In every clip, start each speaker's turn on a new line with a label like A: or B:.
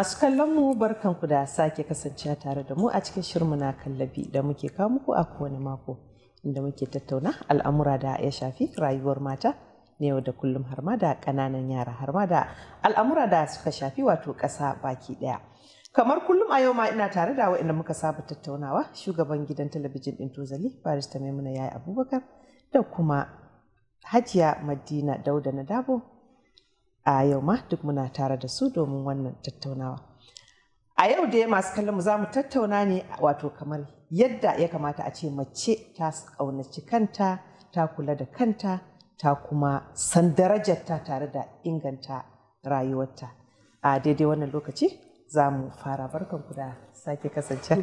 A: Masu kallon mu barkan ku da sake kasancewa tare da mu a cikin shirmu na kallabi da muke kawo muku a kowane mako inda muke tattauna al'amura da ya shafi rayuwar mata na yau da kullum har ma da ƙananan yara har ma da al'amura da suka shafi wato ƙasa baki ɗaya. Kamar kullum a yau ma ina tare da wa'inda muka saba tattaunawa shugaban gidan talabijin ɗin Tozali Barista Maimuna yayi Abubakar da kuma Hajiya Madina Dauda na Dabo a yau ma duk muna tare da su domin wannan tattaunawa a yau dai masu kallon mu za mu tattauna ne wato kamar yadda ya kamata a ce mace ta ƙaunaci kanta ta kula da kanta ta kuma san darajarta tare da inganta rayuwarta a daidai wannan lokaci za mu fara barkanku da sake kasance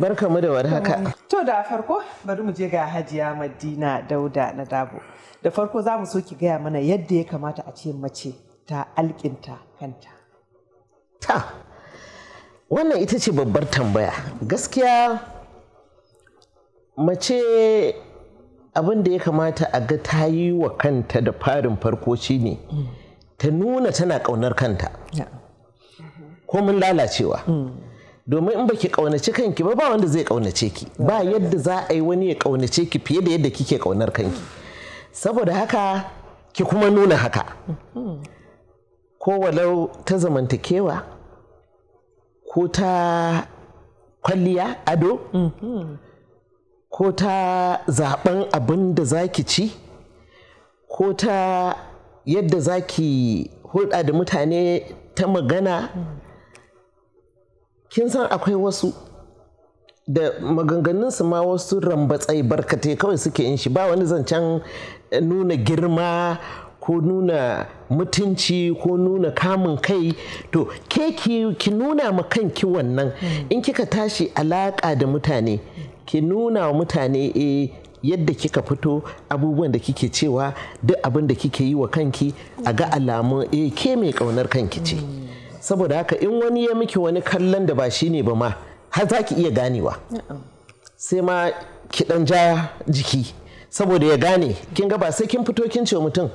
A: barkanmu da warhaka to da farko bari mu je ga hajiya madina dauda na dabo da farko za mu so ki gaya mana yadda ya kamata a ce mace ta alkinta kanta
B: ta wannan ita ce babbar tambaya gaskiya mace abin da ya kamata a ga ta yi wa kanta da farin farko ne ta nuna tana ƙaunar kanta ko mun lalacewa domin in baki ƙaunaci kanki ba ba wanda zai ƙaunace ki ba yadda za a yi wani ya ƙaunace ki fiye da yadda kike ƙaunar kanki saboda haka ki kuma nuna haka ko walau ta zamantakewa ko ta kwalliya ado ko ta zaben abin da za ki ci ko ta yadda za ki hulɗa da mutane ta magana kin san akwai wasu da maganganunsu ma wasu rambatsai barkatai kawai suke yin shi ba wani zancen nuna girma ko nuna mutunci ko nuna kamun kai to ke ki nuna ma kanki wannan in kika tashi alaka da mutane ki nuna wa mutane e yadda kika fito abubuwan da kike cewa duk abin da kike yi wa kanki a ga alamun e ke mai kaunar kanki ce saboda haka in wani ya miki wani kallon da ba shi ne ba ma har za ki iya ganewa sai ma ki dan ja jiki saboda ya gane kin ga ba sai kin fito kin ce mutum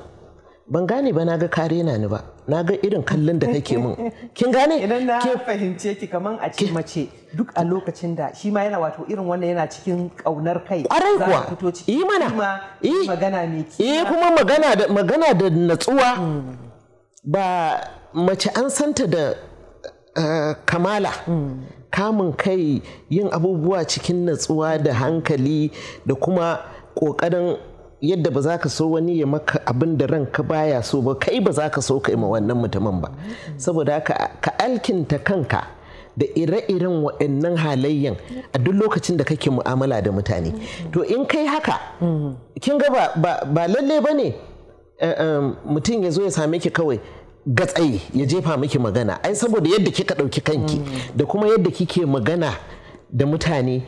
B: ban gane ba na ga kare na ni ba na ga irin kallon da kake min kin gane idan na fahimce ki kaman a ce mace duk
A: a lokacin da shi ma yana wato irin wannan yana cikin kaunar kai za ka fito ciki yi mana
B: yi magana me ki eh kuma magana da magana da natsuwa mm. ba mace an santa da eh, kamala mm. kamun kai yin abubuwa cikin natsuwa da hankali da kuma kokarin. yadda ba za ka so wani ya maka abin da ranka baya so ba kai ba za ka so ka yi ma wannan mutumin ba saboda haka ka alkinta kanka da ire-iren waɗannan halayyan a duk lokacin da kake mu'amala da mutane to in kai haka kin ga ba lalle ba ne eh, eh, mutum ya zo ya same ki kawai gatsaye ya jefa miki magana ai saboda yadda kika ɗauki kanki da kuma yadda kike magana da mutane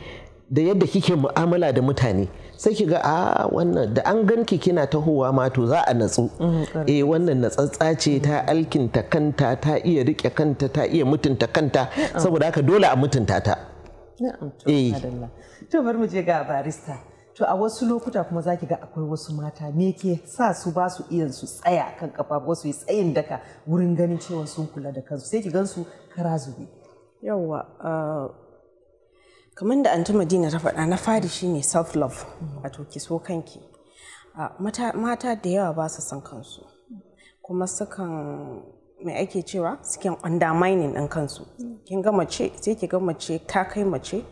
B: da yadda kike mu'amala da mutane sai ki ga a ah, wannan da an ganki kina tahowa ma to za a natsu mm, eh wannan natsatsa ce ta alkinta kanta ta iya rike kanta ta iya mutunta kanta saboda haka dole a mutunta ta
A: to eh. bar mu je ga barista to a wasu lokuta kuma zaki ga akwai wasu mata me ke sa su ba su iya su tsaya kan kafa su yi tsayin daka wurin ganin cewa sun kula da kansu sai ki gansu kara zube
C: yawa ah, kamar da an madina ta faɗa na fari shine self love wato ki so kanki ah, mata da yawa ba su san kansu kuma sukan mai ake cewa suke undermining ɗin kansu kin ga mace sai ki ga mace ta kai mace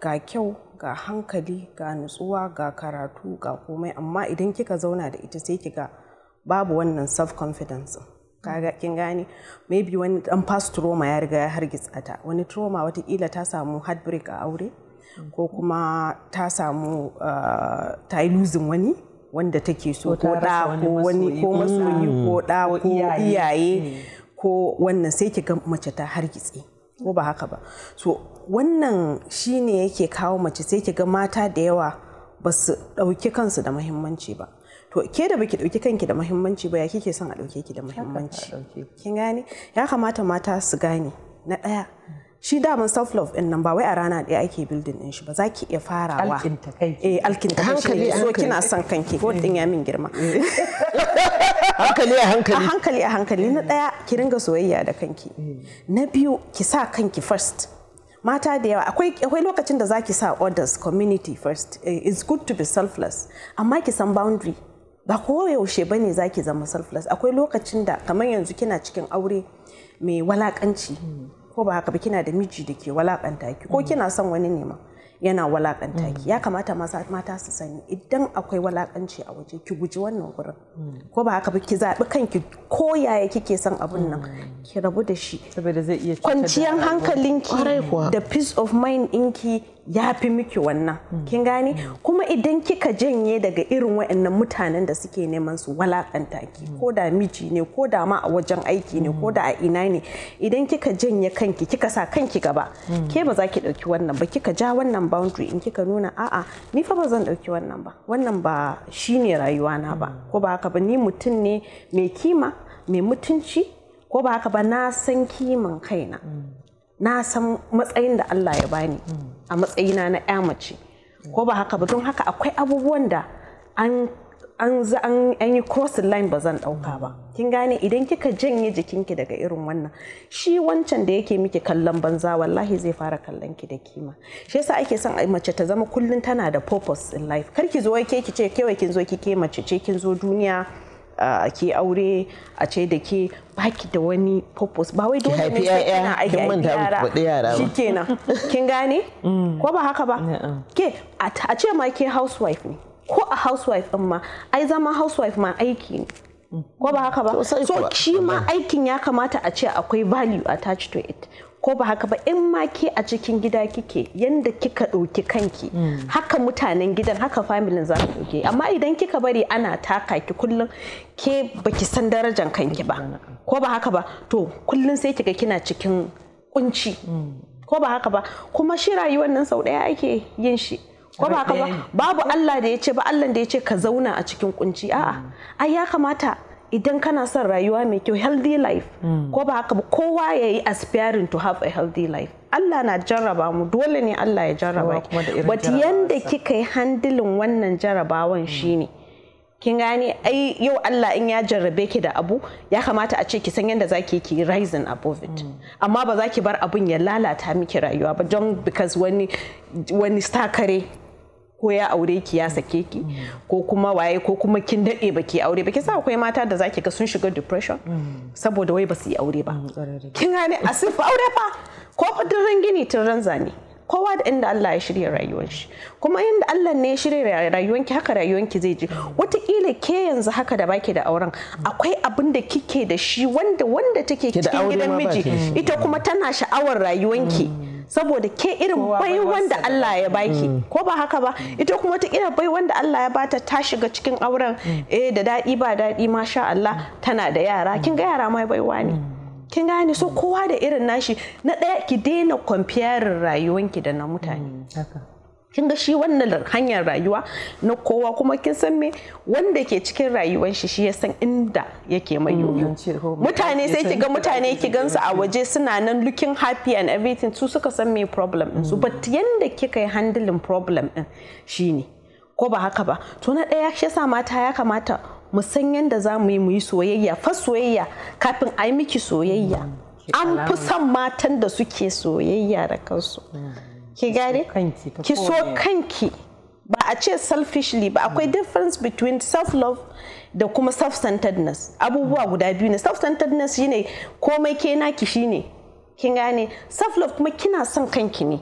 C: ga kyau ga hankali ga nutsuwa ga karatu ga komai amma idan kika zauna da ita sai ki ga babu wannan self confidence kaga kin gani maybe wani dan past trauma ya riga ya hargitsa ta wani trauma watakila ta samu heartbreak a aure ko kuma ta samu ah, ta yi losing wani wanda take so ko da ko wani ko masoyi ko da mm. ko iyaye mm. ko wannan sai ki ga mace ta hargitse ko ba haka ba so wannan shine yake kawo mace sai ki ga mata da yawa ba su ɗauki kansu da muhimmanci ba to ke da baki dauki kanki da muhimmanci ba ya kike son a dauke ki da muhimmanci kin gane ya kamata mata su gane na daya shi daman self love din nan ba wai a rana daya ake building din shi ba za ki iya farawa alkinta kai eh alkinta hankali. so kina son kanki ko din ya min girma eh. hankali a hankali a hankali a hankali na daya eh. ki ringa soyayya da kanki eh. na biyu ki sa kanki first mata da yawa akwai lokacin da zaki sa others community first it's good to be selfless amma ki san boundary ba ko yaushe ba ne za ki zama selfless akwai lokacin da kamar yanzu kina cikin aure mai walakanci ko ba haka ba kina da miji da ke walakanta ki ko mm. kina son wani neman yana walakanta ki mm. ya kamata mata su sani idan akwai walakanci a waje ki guji wannan gurin mm. ko ba haka ba ki zaɓi kanki ko yaya kike son abun nan mm. ki rabu da shi saboda zai iya kwanciyar hankalinki da peace of mind inki ya fi miki wannan kin gane kuma idan kika janye daga irin waɗannan mutanen da suke neman su walakanta ki ko da miji ne ko da ma a wajen aiki ne ko da a ina ne idan kika janye kanki kika sa kanki gaba ke ba za ki ɗauki wannan ba kika ja wannan ba boundary in kika nuna a'a ni fa ba zan ɗauki wannan ba wannan ba shine rayuwana ba ko ba haka ba ni mutum ne mai kima mai mutunci ko ba haka ba na san kiman kaina na san matsayin da Allah ya bani a matsayina na 'ya mace ko ba haka ba don haka akwai abubuwan da an an yi crossing line ba zan ɗauka ba kin gane idan kika janye jikinki daga irin wannan shi wancan da yake miki kallon banza wallahi zai fara kallon ki da kima shi yasa ake son mace ta zama kullun tana da purpose in life kar ki zo ke ki ce wai kin zo ki ke mace ce kin zo duniya a ke aure a ce da ke baki da wani purpose ba wai dole ne sai kana aiki yara shikenan kin gane mm. ko ba haka ba ke a ce ma ke housewife ne ko a housewife din ma ai zama housewife ma aiki ne ko ba haka ba so shi ma aikin ya kamata a ce akwai value attached to it ko ba haka ba in ma ke a cikin gida kike yanda kika ɗauki kanki mm. haka mutanen gidan haka familin za ku ɗauke amma idan kika bari ana taka ki kullum ke baki san darajan kanki ba ko ba haka ba to kullum sai kiga kina cikin kunci mm. ko ba haka ba kuma shi rayuwar nan sau ɗaya ake yin shi ko ba ka babu Allah da ya ce ba Allah da ya ce ka zauna a cikin kunci a'a mm. ai ya kamata idan kana son rayuwa mai kyau healthy life mm. ko ba haka ba kowa ya yi aspiring to have a healthy life Allah na jarraba mu dole ne Allah ya jarraba ki but yanda kika yi handilin wannan jarrabawan mm. shine kin gane ai yau Allah in ya jarrabe ki da abu ya kamata a ce ki san yadda zaki ki rising above it amma ba za ki bar abun ya lalata miki rayuwa ba don because wani wani stakare ko ya aure ki ya sake ki ko kuma waye ko kuma kin dade baki aure ba sa akwai mata da zaki ga sun shiga depression saboda wai ba su yi aure ba mm, kin gane a sun aure fa ko ran gini tun ran zane. kowa da inda Allah ya shirya rayuwar shi kuma inda Allah ne ya shirya ki haka ki zai je watakila ke yanzu haka da baki da auren akwai abin da kike da shi wanda wanda take cikin gidan miji ita kuma tana sha'awar ki. Mm. saboda ke irin bai wanda Allah ya baki mm. ko ba haka ba mm. ita kuma ta irin bai wanda Allah ya bata ta shiga cikin auren mm. eh da daɗi ba daɗi masha Allah tana da yara kin ga yara mai baiwa ne kin gane so kowa da irin nashi na ɗaya ki daina kwamfiyarin rayuwanki da na mutane kin ga shi wannan hanyar rayuwa na kowa kuma kin san me wanda ke cikin rayuwar shi shi ya san inda yake mai yoyo
A: mm, oh, mutane sai ki ga mutane ki gansu a
C: waje suna nan looking happy and everything su suka san me problem din su mm. but yanda kika yi handling problem din shine ko ba haka ba to na daya shi yasa mata ya kamata mu san yanda za mu yi mu yi soyayya fa soyayya kafin a yi miki soyayya mm, an fi son matan da suke soyayya da kansu ki gane ki so kanki ba a ce selfishly ba akwai hmm. difference between self-love da kuma self-centeredness abubuwa hmm. guda biyu ne self-centeredness shine komai ke naki shine kin gane self-love kuma kina son kanki ne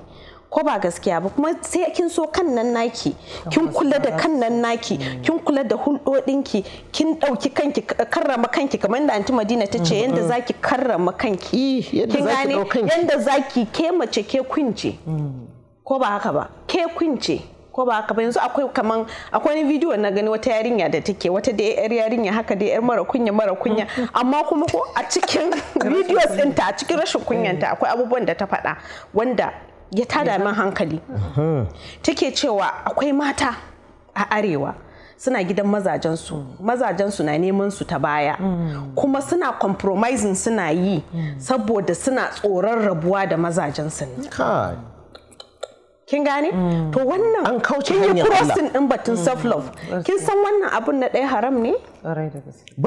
C: ko ba gaskiya ba kuma sai kin so kan nan naki kin kula da kan nan naki kin kula da hulɗoɗinki kin ɗauki kanki karrama kanki kamar da anti madina ta ce yadda zaki karrama kanki kin gane yadda zaki ke mace ke kunce hmm. ko ba haka ba ke kunce ko ba haka ba yanzu akwai kaman akwai wani bidiyo na gani wata yarinya da take wata da yar yarinya haka da yar mara kunya mara kunya amma kuma ko a cikin bidiyo ɗinta a cikin rashin kunyanta akwai abubuwan da ta faɗa wanda ya tada min hankali take cewa akwai mata a arewa suna gidan mazajensu mazajensu na neman su ta baya hmm. kuma suna compromising suna yi hmm. saboda suna tsoron rabuwa da mazajensu ne kin gane hmm. to wannan an kauce hanyar Allah crossing din batun self love kin san wannan abun na ɗaya haram ne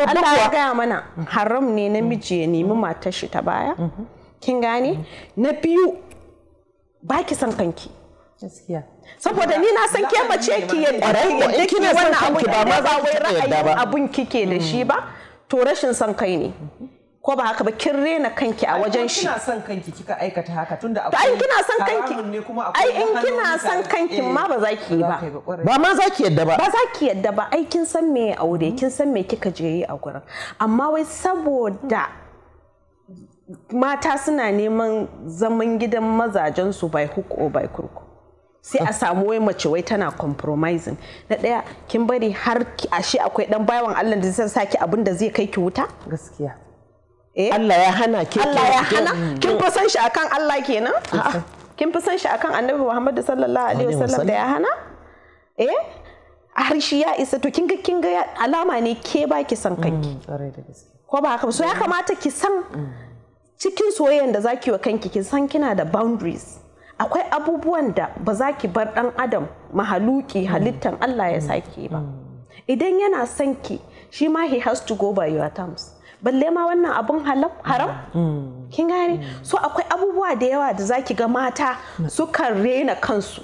C: Allah ya gaya mana haram ne namiji ya nemi matar shi ta baya kin gane na biyu ba ki san kanki saboda ni na san ke mace ki yadda ki wannan abu ba ma za wai ra'ayin abun kike da shi ba to rashin san kai ne ko ba haka ba kin rena kanki a wajen shi kina
A: san kanki kika aikata haka tunda akwai ai kina san kanki
C: ai in kina san kanki ma ba za ki yi ba ba ma za ki yadda ba ba za ki yadda ba ai kin san me aure kin san me kika je yi a gurin amma wai saboda mata suna neman zaman gidan mazajensu by hook or by crook sai a samu wai mace wai tana compromising na daya kin bari har ashe akwai dan bayan Allah da zai saki abin da zai kai ki wuta gaskiya eh Allah ya hana ke Allah ya hana mm. kin fi san shi akan Allah kenan kin fi san shi akan Annabi Muhammad sallallahu alaihi wasallam da ya hana eh har shi ya isa to kin ga kin ga alama ne ke baki san kanki mm, ko ba haka so ya mm. kamata ki san cikin soyayyar da zaki wa kanki kin san kina da boundaries akwai abubuwan da ba za ki bar dan adam mahaluki mm. halittan Allah ya mm. sake ba mm. idan yana son ki shi ma he has to go by your terms balle ma wannan abun haram kin gane so akwai abubuwa da yawa da zaki ga mata sukan rena kansu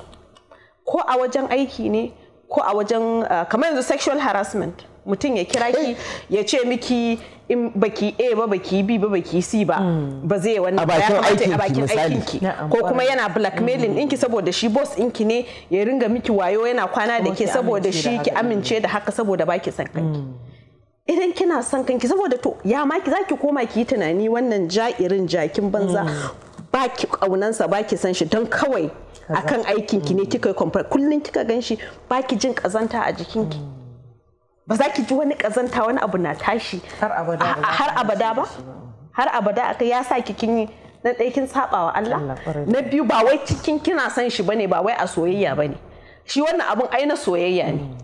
C: ko a wajen aiki ne ko a wajen ah, kamar yanzu sexual harassment mutum ya kira ki eh. ya ce miki in baki A ba baki B ba baki C ba hmm. ba zai wannan ba ya kamata a bakin aikinki ko kuma yana blackmailing ɗinki saboda shi boss ɗinki ne ya ringa miki wayo yana kwana da ke saboda shi ki amince da haka saboda baki son kanki hmm. idan kina son kanki saboda to ya ma ki zaki koma ki yi tunani wannan ja'irin jakin banza hmm. baki kaunansa baki san shi don kawai akan aikinki ne kika yi kullum kika gan shi baki jin kazanta a jikinki ba za ki ji wani kazanta wani abu na tashi har abada ba har abada aka ya sa ki kinyi yi na ɗaya kin saba wa Allah na biyu ba wai cikin kina san shi bane ba wai a soyayya bane shi wannan abun ai na soyayya ne hmm.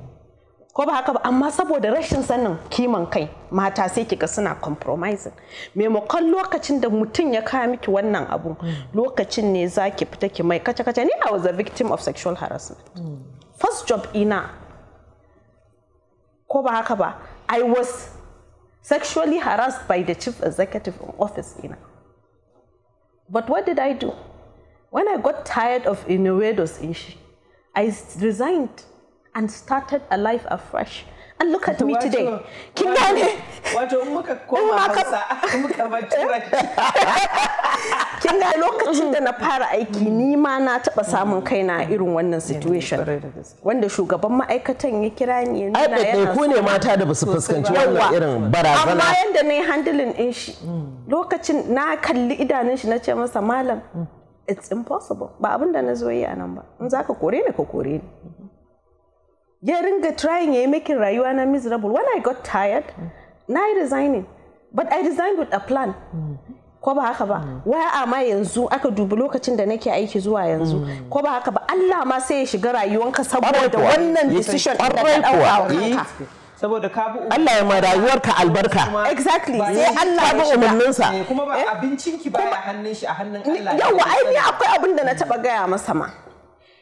C: ko ba haka ba amma saboda rashin sanin kiman kai mata sai kika suna compromising maimakon lokacin da mutum ya kawo miki wannan abun hmm. lokacin ne za fita ki mai kace kace ni I was a victim of sexual harassment hmm. first job ina ko ba haka ba i was sexually harassed by the chief executive office ina but what did i do when i got tired of innuendos in shi i resigned and started a life afresh and look at me today kin wato in muka koma hausa muka bar kin ga lokacin da na fara aiki ni ma na taba samun kaina irin wannan situation wanda shugaban ma'aikatan ya kira ni ya nuna yana ku ne mata da basu fuskanci wannan irin barazana amma yanda na yi handling din shi lokacin na kalli idanun shi na ce masa malam it's impossible ba abin da na zo yi a nan ba in zaka kore ni ka kore ni ya ringa trying ya yi making rayuwa na miserable when i got tired na yi resigning but i resigned with a plan ko ba haka ba mm. waya amma yanzu aka dubi lokacin da nake aiki zuwa yanzu mm. ko ba haka ba Allah ma sai ya shiga rayuwanka saboda wannan decision da ka dauka eh. saboda ka bi Allah ya ma rayuwarka albarka exactly sai Allah ya shiga. Eh, kuma ba eh.
A: abincin ki baya hannun shi a hannun Allah yawa ai ni akwai
C: abin da na taba gaya masa ma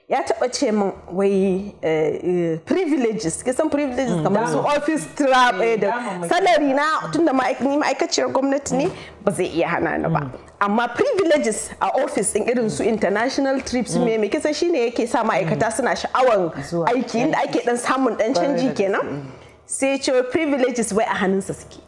C: ya taba ce min wai eh, eh, privileges kisan privileges mm, kamar su office trap eh, da salary na tunda ni ma'aikaciyar gwamnati ne ba zai iya hana ni ba mm. amma privileges a office din irin su international trips mm. me me shi shine yake sa ma'aikata suna sha'awar aiki inda ake dan samun dan canji kenan sai ce privileges wai a hannunsa suke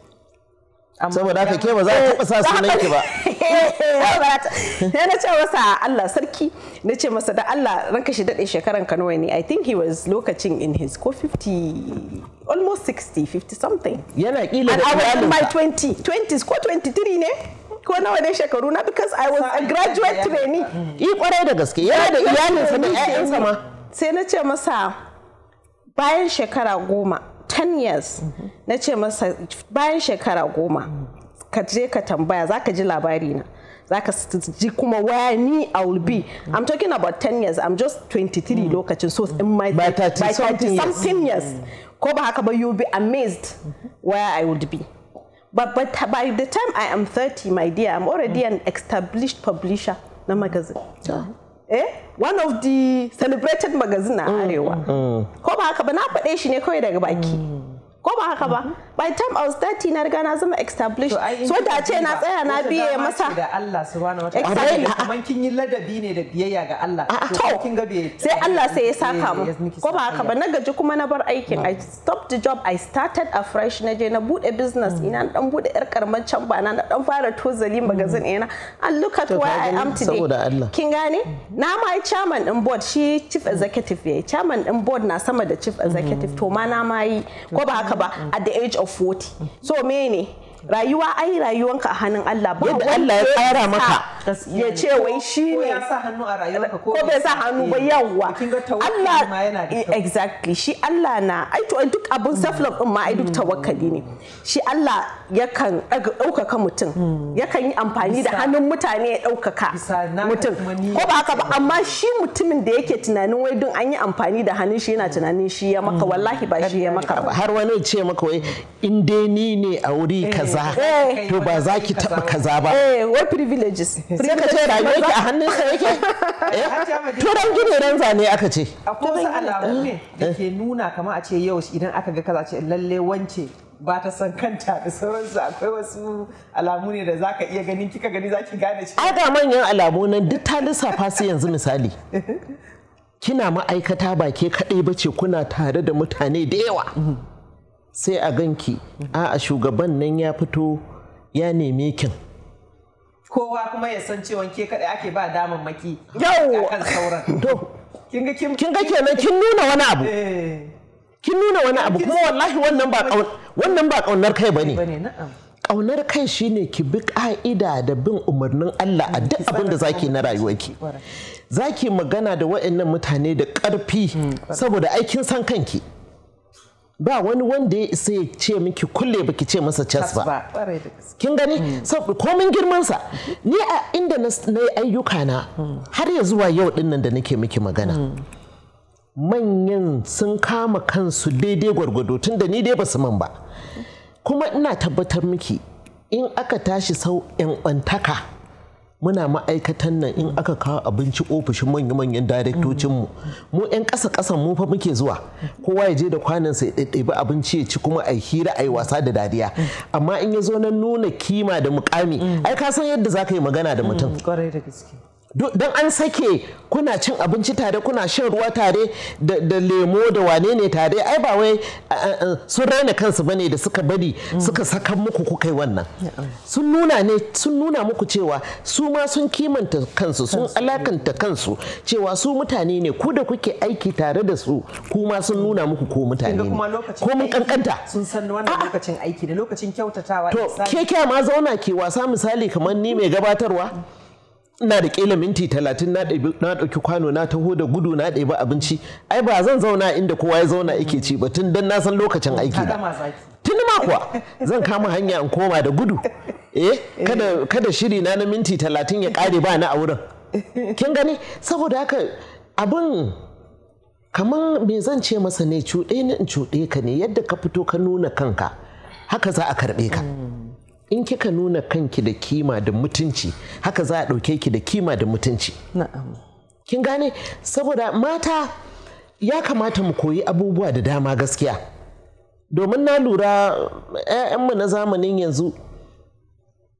C: saboda haka ke ba za ta taɓa sa sunan ki ba eh, na ce masa Allah sarki na ce masa da Allah ranka shi daɗe shekaran ka nawa ne I think he was lokacin in his ko 50 almost 60 50 something yana kila da iyalin my 20 20s ko 23 ne ko nawa ne shekaru na because I was a graduate trainee yi kwarai da gaske yana da iyalin sa da ƴaƴansa ma sai na ce masa bayan shekara goma 10 years mhm. na ce masa bayan shekara goma mm. ka je ka tambaya za ka ji labari na za ka ji kuma where ni I will be mm. I'm talking about 10 years I'm just 23 mm. lokacin so in my by 30 something years ko ba haka ba you be amazed mm-hmm. where I would be but but by the time I am 30 my dear I'm already an established publisher na magazine eh one of the celebrated magazine a mm, arewa mm, mm. ko ba haka ba na faɗe shi ne kawai daga baki ko ba haka ba mhm. by time I was 30 na riga na zama established so da ce na tsaya na biye masa
A: da Allah subhanahu wataala exactly kaman kin yi ladabi ne da biyayya ga Allah
C: to kin ga sai Allah sai ya saka mu ko ba haka ba na gaji kuma na bar aikin mm. I stopped the job I started afresh na je na bude business mm. ina dan bude yar karman can ba na dan fara tozali mm. magazin ina and look at where I am today kin gane na ma chairman din board shi chief executive yayi chairman din board na sama da chief mm-hmm. executive to ma na ma yi ko ba haka Mm. at the age of 40 so me ne rayuwa ai rayuwanka a hannun Allah ba yadda Allah ya tsara maka ya ce wai shi ne ya
A: sa hannu a rayuwarka ko bai sa hannu ba eh,
C: yawa Allah exactly shi Allah na ai to duk abun self love din ma ai duk tawakkali ne shi Allah yakan ɗaukaka mutum yakan yi amfani da hannun mutane ya ɗaukaka mutum ko ba haka ba amma shi mutumin da yake tunanin wai don an yi amfani da hannun shi yana tunanin shi ya maka wallahi
B: ba shi ya maka ba har wani ce maka wai in dai ni ne a wuri eh. kaza kaza eh, to ba za ki taba kaza ba eh what privileges sai ka ce rayuwa ki a hannun sa yake
A: eh, to ran gine ran zane aka ce akwai wasu alamu ne da eh. ke nuna kamar a ce yau idan aka ga kaza ce lalle wance ba ta san kanta da sauransu akwai wasu alamu ne da za ka iya ganin kika gani za ki gane shi
B: aga manyan alamu nan duk ta lissafa su yanzu misali kina ma'aikata ba ke kaɗai ba ce kuna tare da mutane da yawa mm. sai a ganki a'a shugaban nan ya fito ya neme kin
A: kowa kuma ya san cewa ke kadai ake ba damar maki yau
B: to kin ga kenan kin nuna wani abu eh. kin nuna wani abu kuma wallahi wannan ba wannan ba kaunar kai bane kaunar kai shine ki bi ka'ida da bin umarnin Allah a duk abin da zaki na rayuwarki zaki magana da waɗannan mutane da ƙarfi mm, saboda aikin san kanki ba wani wanda ya isa ya ce miki kulle baki ce masa cas ba kin gani hmm. komin girmansa ni a inda na yi ayyuka na hmm. har ya zuwa yau dinnan da nake miki magana hmm. manyan sun kama kansu daidai gwargwado tun da ni dai ba su man ba kuma ina tabbatar miki in aka tashi sau 'yan kwantaka muna ma'aikatan nan in aka kawo abinci ofishin manya-manyan darektocinmu mu Mu 'yan ƙasa ƙasan mu fa muke zuwa kowa ya je da kwanansa ya ɗaiɗaibi abinci ya ci kuma a yi hira a yi wasa da dariya amma in ya zo na nuna kima da mukami ai ka san yadda za ka yi magana da mutum mm, don an sake kuna cin abinci tare kuna shan ruwa tare da lemo da wane ne tare ai ba wai sun raina kansu bane da suka bari suka saka muku yi wannan sun nuna ne sun nuna muku cewa su ma sun kimanta kansu sun alakanta kansu cewa su mutane ne ku da kuke aiki tare da su ku ma sun nuna muku ko mutane ne ko mun
A: kankanta sun san wannan lokacin aiki da lokacin kyautatawa to ke
B: ma zauna ke wasa misali kamar ni mai gabatarwa ina da kila minti talatin na ɗauki kwano na taho da gudu na ɗebi abinci ai ba zan zauna inda kowa ya zauna yake ci ba tun dan na san lokacin aiki na tun ma kuwa zan kama hanya in koma da gudu eh, eh. kada kada shiri na na minti talatin ya kare ba na a wurin kin gani saboda haka abin kamar me zan ce masa ne cuɗe ni in cuɗe ka ne yadda ka fito ka nuna kanka haka za a karɓe ka. Mm. in kika nuna kanki da kima da mutunci haka za a ɗauke ki da kima da mutunci kin gane saboda mata ya kamata mu koyi abubuwa da dama gaskiya domin na lura 'ya'yanmu na zamanin yanzu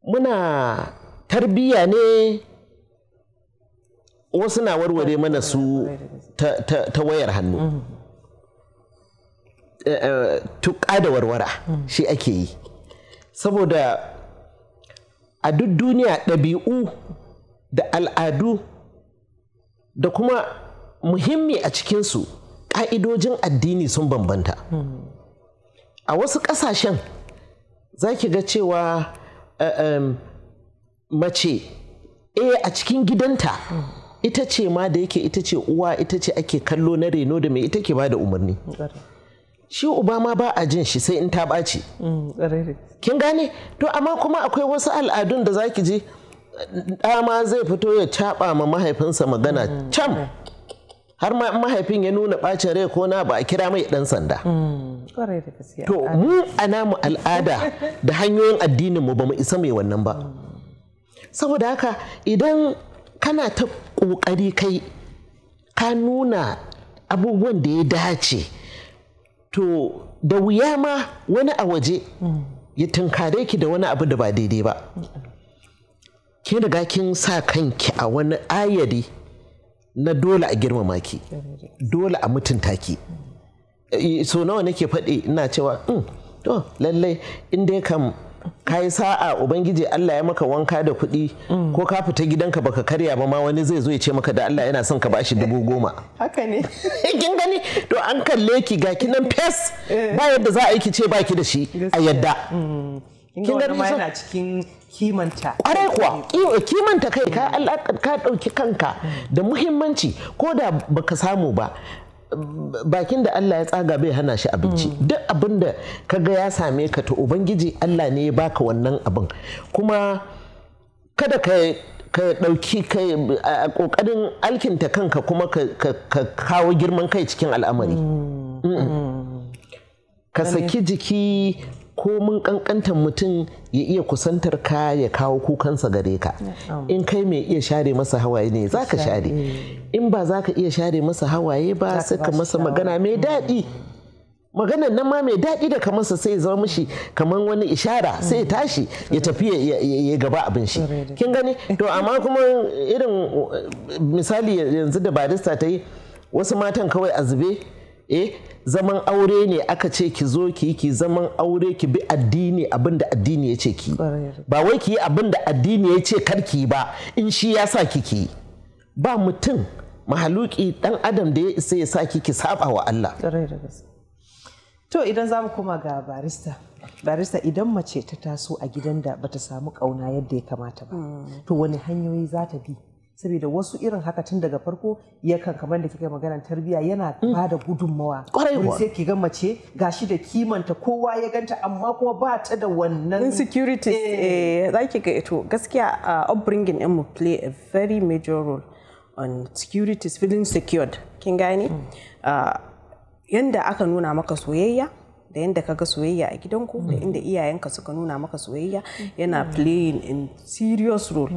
B: muna tarbiyya ne wasu na warware mana su ta, wayar hannu mm-hmm. eh, eh, tuƙa da warwara shi ake yi saboda a duk duniya ɗabi'u da al'adu da kuma muhimmi a cikinsu ƙa'idojin addini sun bambanta a wasu ƙasashen za ki ga cewa eh, mace eh a cikin gidanta ita ce ma da yake ita ce uwa ita ce ake kallo na reno da mai ita ke ba da umarni shi uba ma ba a jin shi sai in ta ɓaci mm, kin gane to amma kuma akwai wasu al'adun da zaki ji ɗa ma zai fito ya caɓa ma mahaifinsa magana mm, cam. har ma mahaifin ya nuna ɓacin rai ko na ba a kira mai ɗan sanda mm, to mu a namu al'ada da hanyoyin addinin mu ba mu isa mai wannan ba saboda haka idan kana ta ƙoƙari kai ka nuna abubuwan da ya dace to da wuya ma wani a waje ya tunkare ki da wani abu da ba daidai ba kin riga kin sa kanki a wani ayari na dole a girmama ki dole a mutunta ki eh, so nawa nake faɗi ina cewa mm, to lallai inda dai kam Kayi sa'a ubangiji Allah ya maka wanka da kuɗi ko ka fita gidanka baka karya ba ma wani zai zo ya ce maka da Allah yana son ka bashi dubu goma haka ne kin gani to an kalle ki ga kinan fes eh. ba yadda za a yi ki ce baki da shi a yadda mm. kin gani yana
A: cikin kimanta
B: kwarai mm. kimanta kai mm. ka ɗauki kanka da muhimmanci ko da baka samu ba bakin da Allah ya tsaga bai hana shi abinci mm. duk abin da kaga ya same ka to ubangiji Allah ne ya baka wannan abin kuma kada ka ka ɗauki a kokarin alkinta kanka kuma ka kawo girman kai cikin al'amari mm. Mm. ka saki jiki ko mun kankantar mutum ya iya kusantar ka ya kawo kukansa gare ka in kai mai iya share masa hawaye ne za ka share in ba za ka iya share masa hawaye ba sai ka masa magana mai mm. daɗi Maganar nan ma mai daɗi da kamarsa sai ya zama mishi kamar wani ishara mm. sai tashi ya tafi ya gaba abin shi kin gani to amma kuma irin misali yanzu da barista ta yi wasu matan kawai a zube eh zaman aure ne aka ce ki zo ki ki zaman aure ki bi addini abin da addini ya ce ki ba wai ki yi abin da addini ya ce kar ki ba in shi ya sa ki ki ba mutum mahaluki dan adam da ya isa ya sa ki ki saba wa Allah
A: to idan za mu koma ga barista barista idan mace ta taso a gidan da bata samu kauna yadda ya kamata ba mm. to wani hanyoyi za ta bi saboda wasu irin haka tun daga farko yakan kamar da kika magana tarbiyya yana mm. ba da gudunmawa kwarai sai ki ga mace gashi da kimanta kowa ya ganta amma kuma ba ta da wannan insecurity
C: eh. eh za ki ga to gaskiya uh, upbringing in mu play a very major role on securities feeling secured kin gani mm. uh, yanda aka nuna maka soyayya da yanda ka ga soyayya a gidanku da mm. inda iyayenka suka nuna maka soyayya yana playing in
A: serious role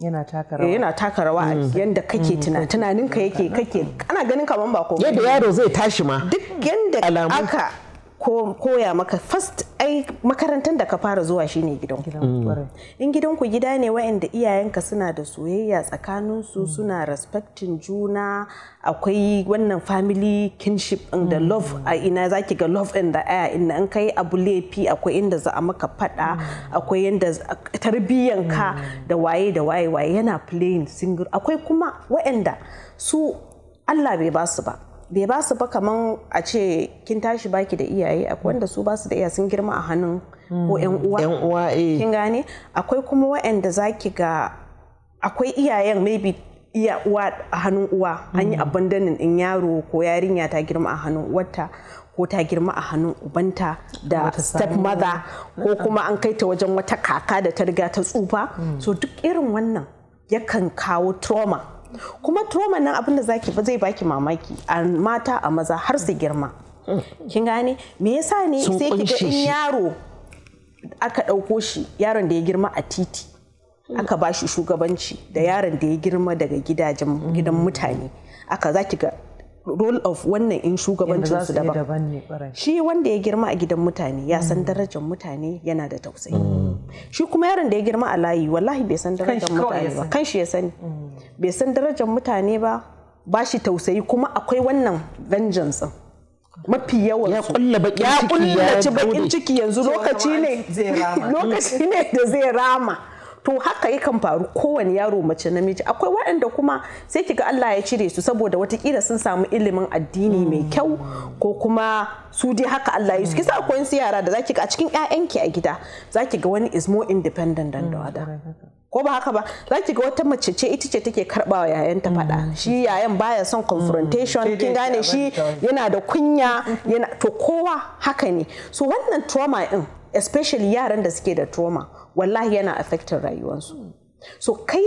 A: yana taka
C: eh, rawa yana taka rawa mm. yanda kake mm. tuna tunanin ka yake kake ana ganin kaman ba ko yadda
B: yaro zai tashi ma
C: duk yadda aka koya maka first ai makarantar da ka fara zuwa shine gidan mm. in gidan ku gida ne wa'anda iyayenka suna da soyayya tsakanin su mm. suna respecting juna akwai wannan family kinship in da mm. love a ina zaki ga love in da aya inda in kai abu laifi akwai inda za a maka fada akwai yanda ka da waye da waye waye yana playing single akwai kuma wa'anda su Allah bai basu ba bai ba su ba kaman a ce kin tashi baki da iyaye akwai wanda su ba su da iya sun girma a hannun ko yan hmm, uwa yan uwa eh kin gane akwai kuma waɗanda zaki ga akwai iyayen maybe iya uwa a hannun uwa an yi hmm. abandonin din yaro ko yarinya ta girma a hannun uwarta ko ta girma a hannun ubanta da step mother. ko kuma an kai ta wajen wata kaka da ta riga ta tsufa hmm. so duk irin wannan yakan kawo trauma kuma trauma nan abinda zaki zai baki mamaki a mata a maza har su girma kin gane me yasa ne sai ki ga in yaro aka ɗauko shi yaron da ya girma a titi aka bashi shugabanci da yaron da ya girma daga gidajen gidan mutane aka za ga role of wannan in shugabancin su daban shi wanda ya girma a gidan mutane ya san darajar mutane yana da tausayi shi kuma yaron da ya girma a layi wallahi bai san darajar mutane ba kan shi ya sani mm. bai san darajar mutane ba ba shi tausayi kuma akwai wannan vengeance mafi yawan ya kulla bakin ciki yanzu lokaci ne da zai rama to haka yakan faru kowane yaro mace namiji akwai waɗanda kuma sai kiga Allah ya cire su saboda watakila sun samu ilimin addini mai hmm. kyau ko kuma su dai haka Allah ya su kisa hmm. akwai wasu yara da zaki ga a cikin ƴaƴanki a gida zaki ga wani is more independent than the hmm, other ko ba haka ba zaki ga wata mace ce ita ce take karba wa yayan faɗa shi yayan baya son confrontation kin gane shi yana da kunya yana to kowa haka ne so wannan trauma din especially yaran da suke da trauma wallahi yana affecting rayuwarsu so kai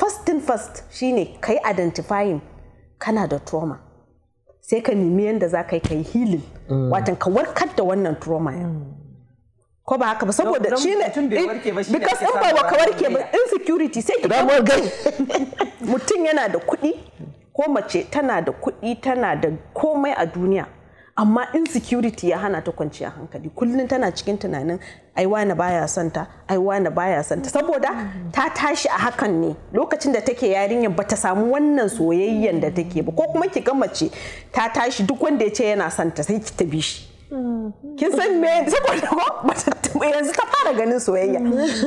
C: first thing first shine kai identifying kana da trauma sai ka nemi yadda za ka yi kai healing mm. watan ka warkar da wannan trauma ya. Mm. ko ba haka ba saboda shi ne because in ba ka warke ba insecurity sai ki damuwar gani mutum yana da kuɗi ko mace tana da kuɗi tana da komai a duniya amma insecurity ya hana ta kwanciya hankali kullum tana cikin tunanin aiwa na baya santa aiwa na baya santa saboda ta tashi a hakan ne lokacin da take yarinyar bata samu wannan soyayyen da take ba ko kuma ki ga mace ta tashi duk wanda ya ce yana santa sai ki tabi shi
B: kin san me saboda
C: ba yanzu ta fara ganin soyayya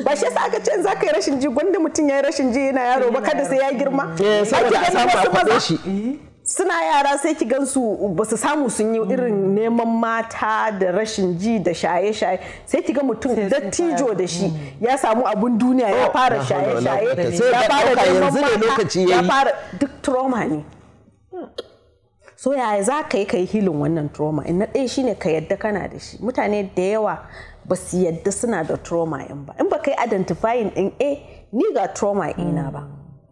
C: ba shi yasa aka ce za ka yi rashin ji gwanda mutum ya yi rashin ji yana yaro ba kada sai ya girma eh, ake ganin wasu
B: maza
C: suna yara sai ki gansu ba su samu sun yi irin mm. neman mata da rashin ji da shaye-shaye sai ki ga mutum dattijo da shi mm. ya samu abun duniya ya oh, fara shaye-shaye ya fara yanzu ne lokaci ya fara duk trauma ne so yaya za ka yi ka hilin wannan trauma in na ɗaya shine ka yadda kana da shi mutane da yawa ba su yadda suna da trauma in ba in ba ka yi identifying ɗin eh ni ga trauma ina ba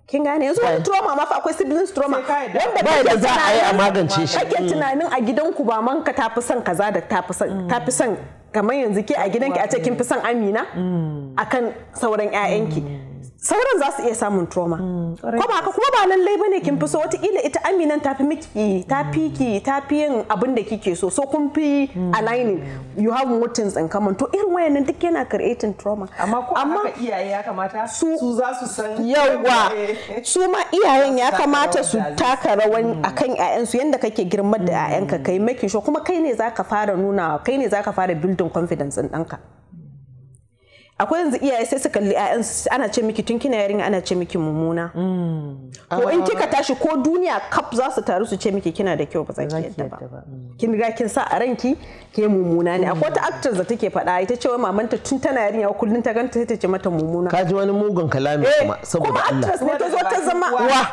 C: kin gane yanzu wani eh. trauma ma akwai siblings trauma wanda ba da za a yi a magance shi kake mm. tunanin a gidanku ba ka tafi son kaza da tafi son tafi son kamar yanzu ke a gidanki a ce kin fi son Amina mm. akan sauran ƴaƴanki mm. sauran za su iya samun trauma mm, ko ba haka kuma ba lallai bane kin fi so kila mm. ita aminan fi miki ta tafi mm. ki fi yin abin da kike so so kun fi aligning you have more in common to irin wayannan duk yana creating trauma amma ko haka iyaye
A: ya kamata su za su san yawa eh.
C: su ma iyayen ya kamata su taka rawan akan ƴaƴan su yanda kake girmar da ƴaƴanka kai making sure kuma kai ne zaka fara nuna kai ne zaka fara building confidence din ɗanka akwai yanzu iyaye sai su kalli ƴaƴan ana ce miki tun kina yarinya ana ce miki mummuna mm. ko in ah. kika tashi ko duniya kaf za su taru su ce miki kina da kyau ba za ki yadda ba mm. kin riga kin sa a ranki ke mummuna ne akwai ta actor da take faɗa ita ce wai mamanta tun tana yarinya kullun ta ganta sai ta ce mata mummuna kaji wani mugun kalami eh,
A: kuma saboda Allah kuma actress ne ta zo ta zama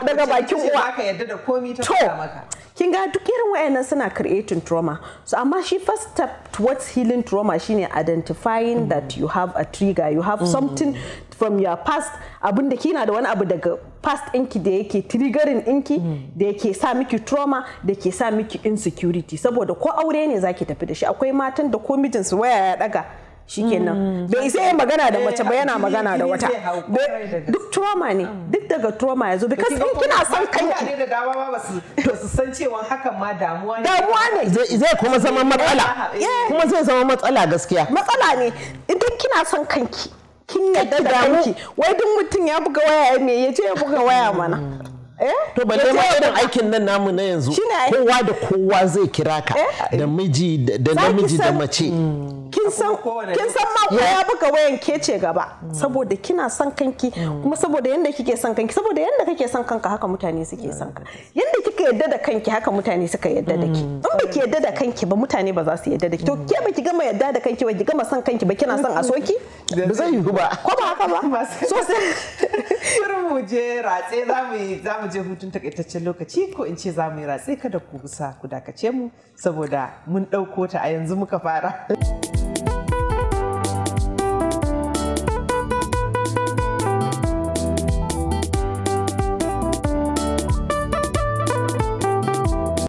A: daga bakin uwa to.
C: kin ga duk irin wayannan suna creating trauma so amma shi first step towards healing trauma shine identifying mm -hmm. that you have a trigger you have mm -hmm. something from your past abin da kina da wani abu daga past inki da yake triggering inki mm. da yake sa miki trauma da ke sa miki insecurity saboda ko aure ne zaki tafi da shi akwai matan da ko mijinsu waya ya daga shikenan mm-hmm. bai isa yin magana da mace ba eh, yana magana da wata duk trauma ne mm. duk daga trauma ya zo because in kina son kanki
A: da dama ma ba su san cewa hakan ma damuwa ne damuwa ne zai kuma zama eh, matsala kuma
B: zai zama matsala gaskiya
A: matsala ne idan kina son kanki kin yadda da kanki
B: wai duk mutum ya buga waya me ya je ya buga waya mana mm. Eh? to ba dai irin aikin nan namu na yanzu kowa da kowa zai kira ka eh? da miji da namiji da mace hmm.
A: kin san kin san ma ya
B: buga wayan ke ce gaba hmm. saboda kina son
C: kanki hmm. kuma saboda yanda kike son kanki saboda yanda kake son kanka haka mutane suke san ka yanda kika yadda da kanki haka mutane suka yadda da ki in baki yadda da kanki ba mutane ba za su yadda da ki to ke baki gama yadda da kanki ba ki gama son kanki ba kina son a soki
B: ba zai yi ba ko ba haka ba
A: so mu je ratse za mu je hutun takaitaccen lokaci ko in ce za mu yi ratse kada ku gusa ku dakace mu saboda mun ɗauko ta a yanzu muka fara.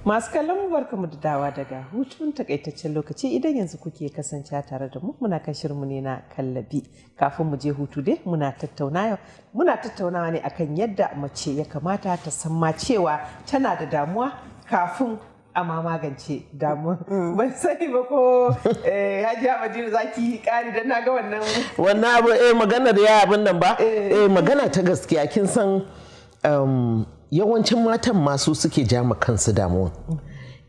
A: Masu kallon barkamu da dawa daga hutun takaitaccen lokaci idan yanzu kuke kasance tare da mu muna kan shirmu ne na kallabi kafin mu je hutu dai muna tattaunawa muna tattaunawa ne akan yadda mace ya kamata ta san ma cewa tana da damuwa kafin a ma magance damuwa. Mm. ban sani ba ko eh, hajiya madina za ki kari dan na ga wannan
B: wannan abu eh magana da ya abin nan ba eh. eh magana ta gaskiya kin san um, yawancin matan masu suke jama kansu damuwa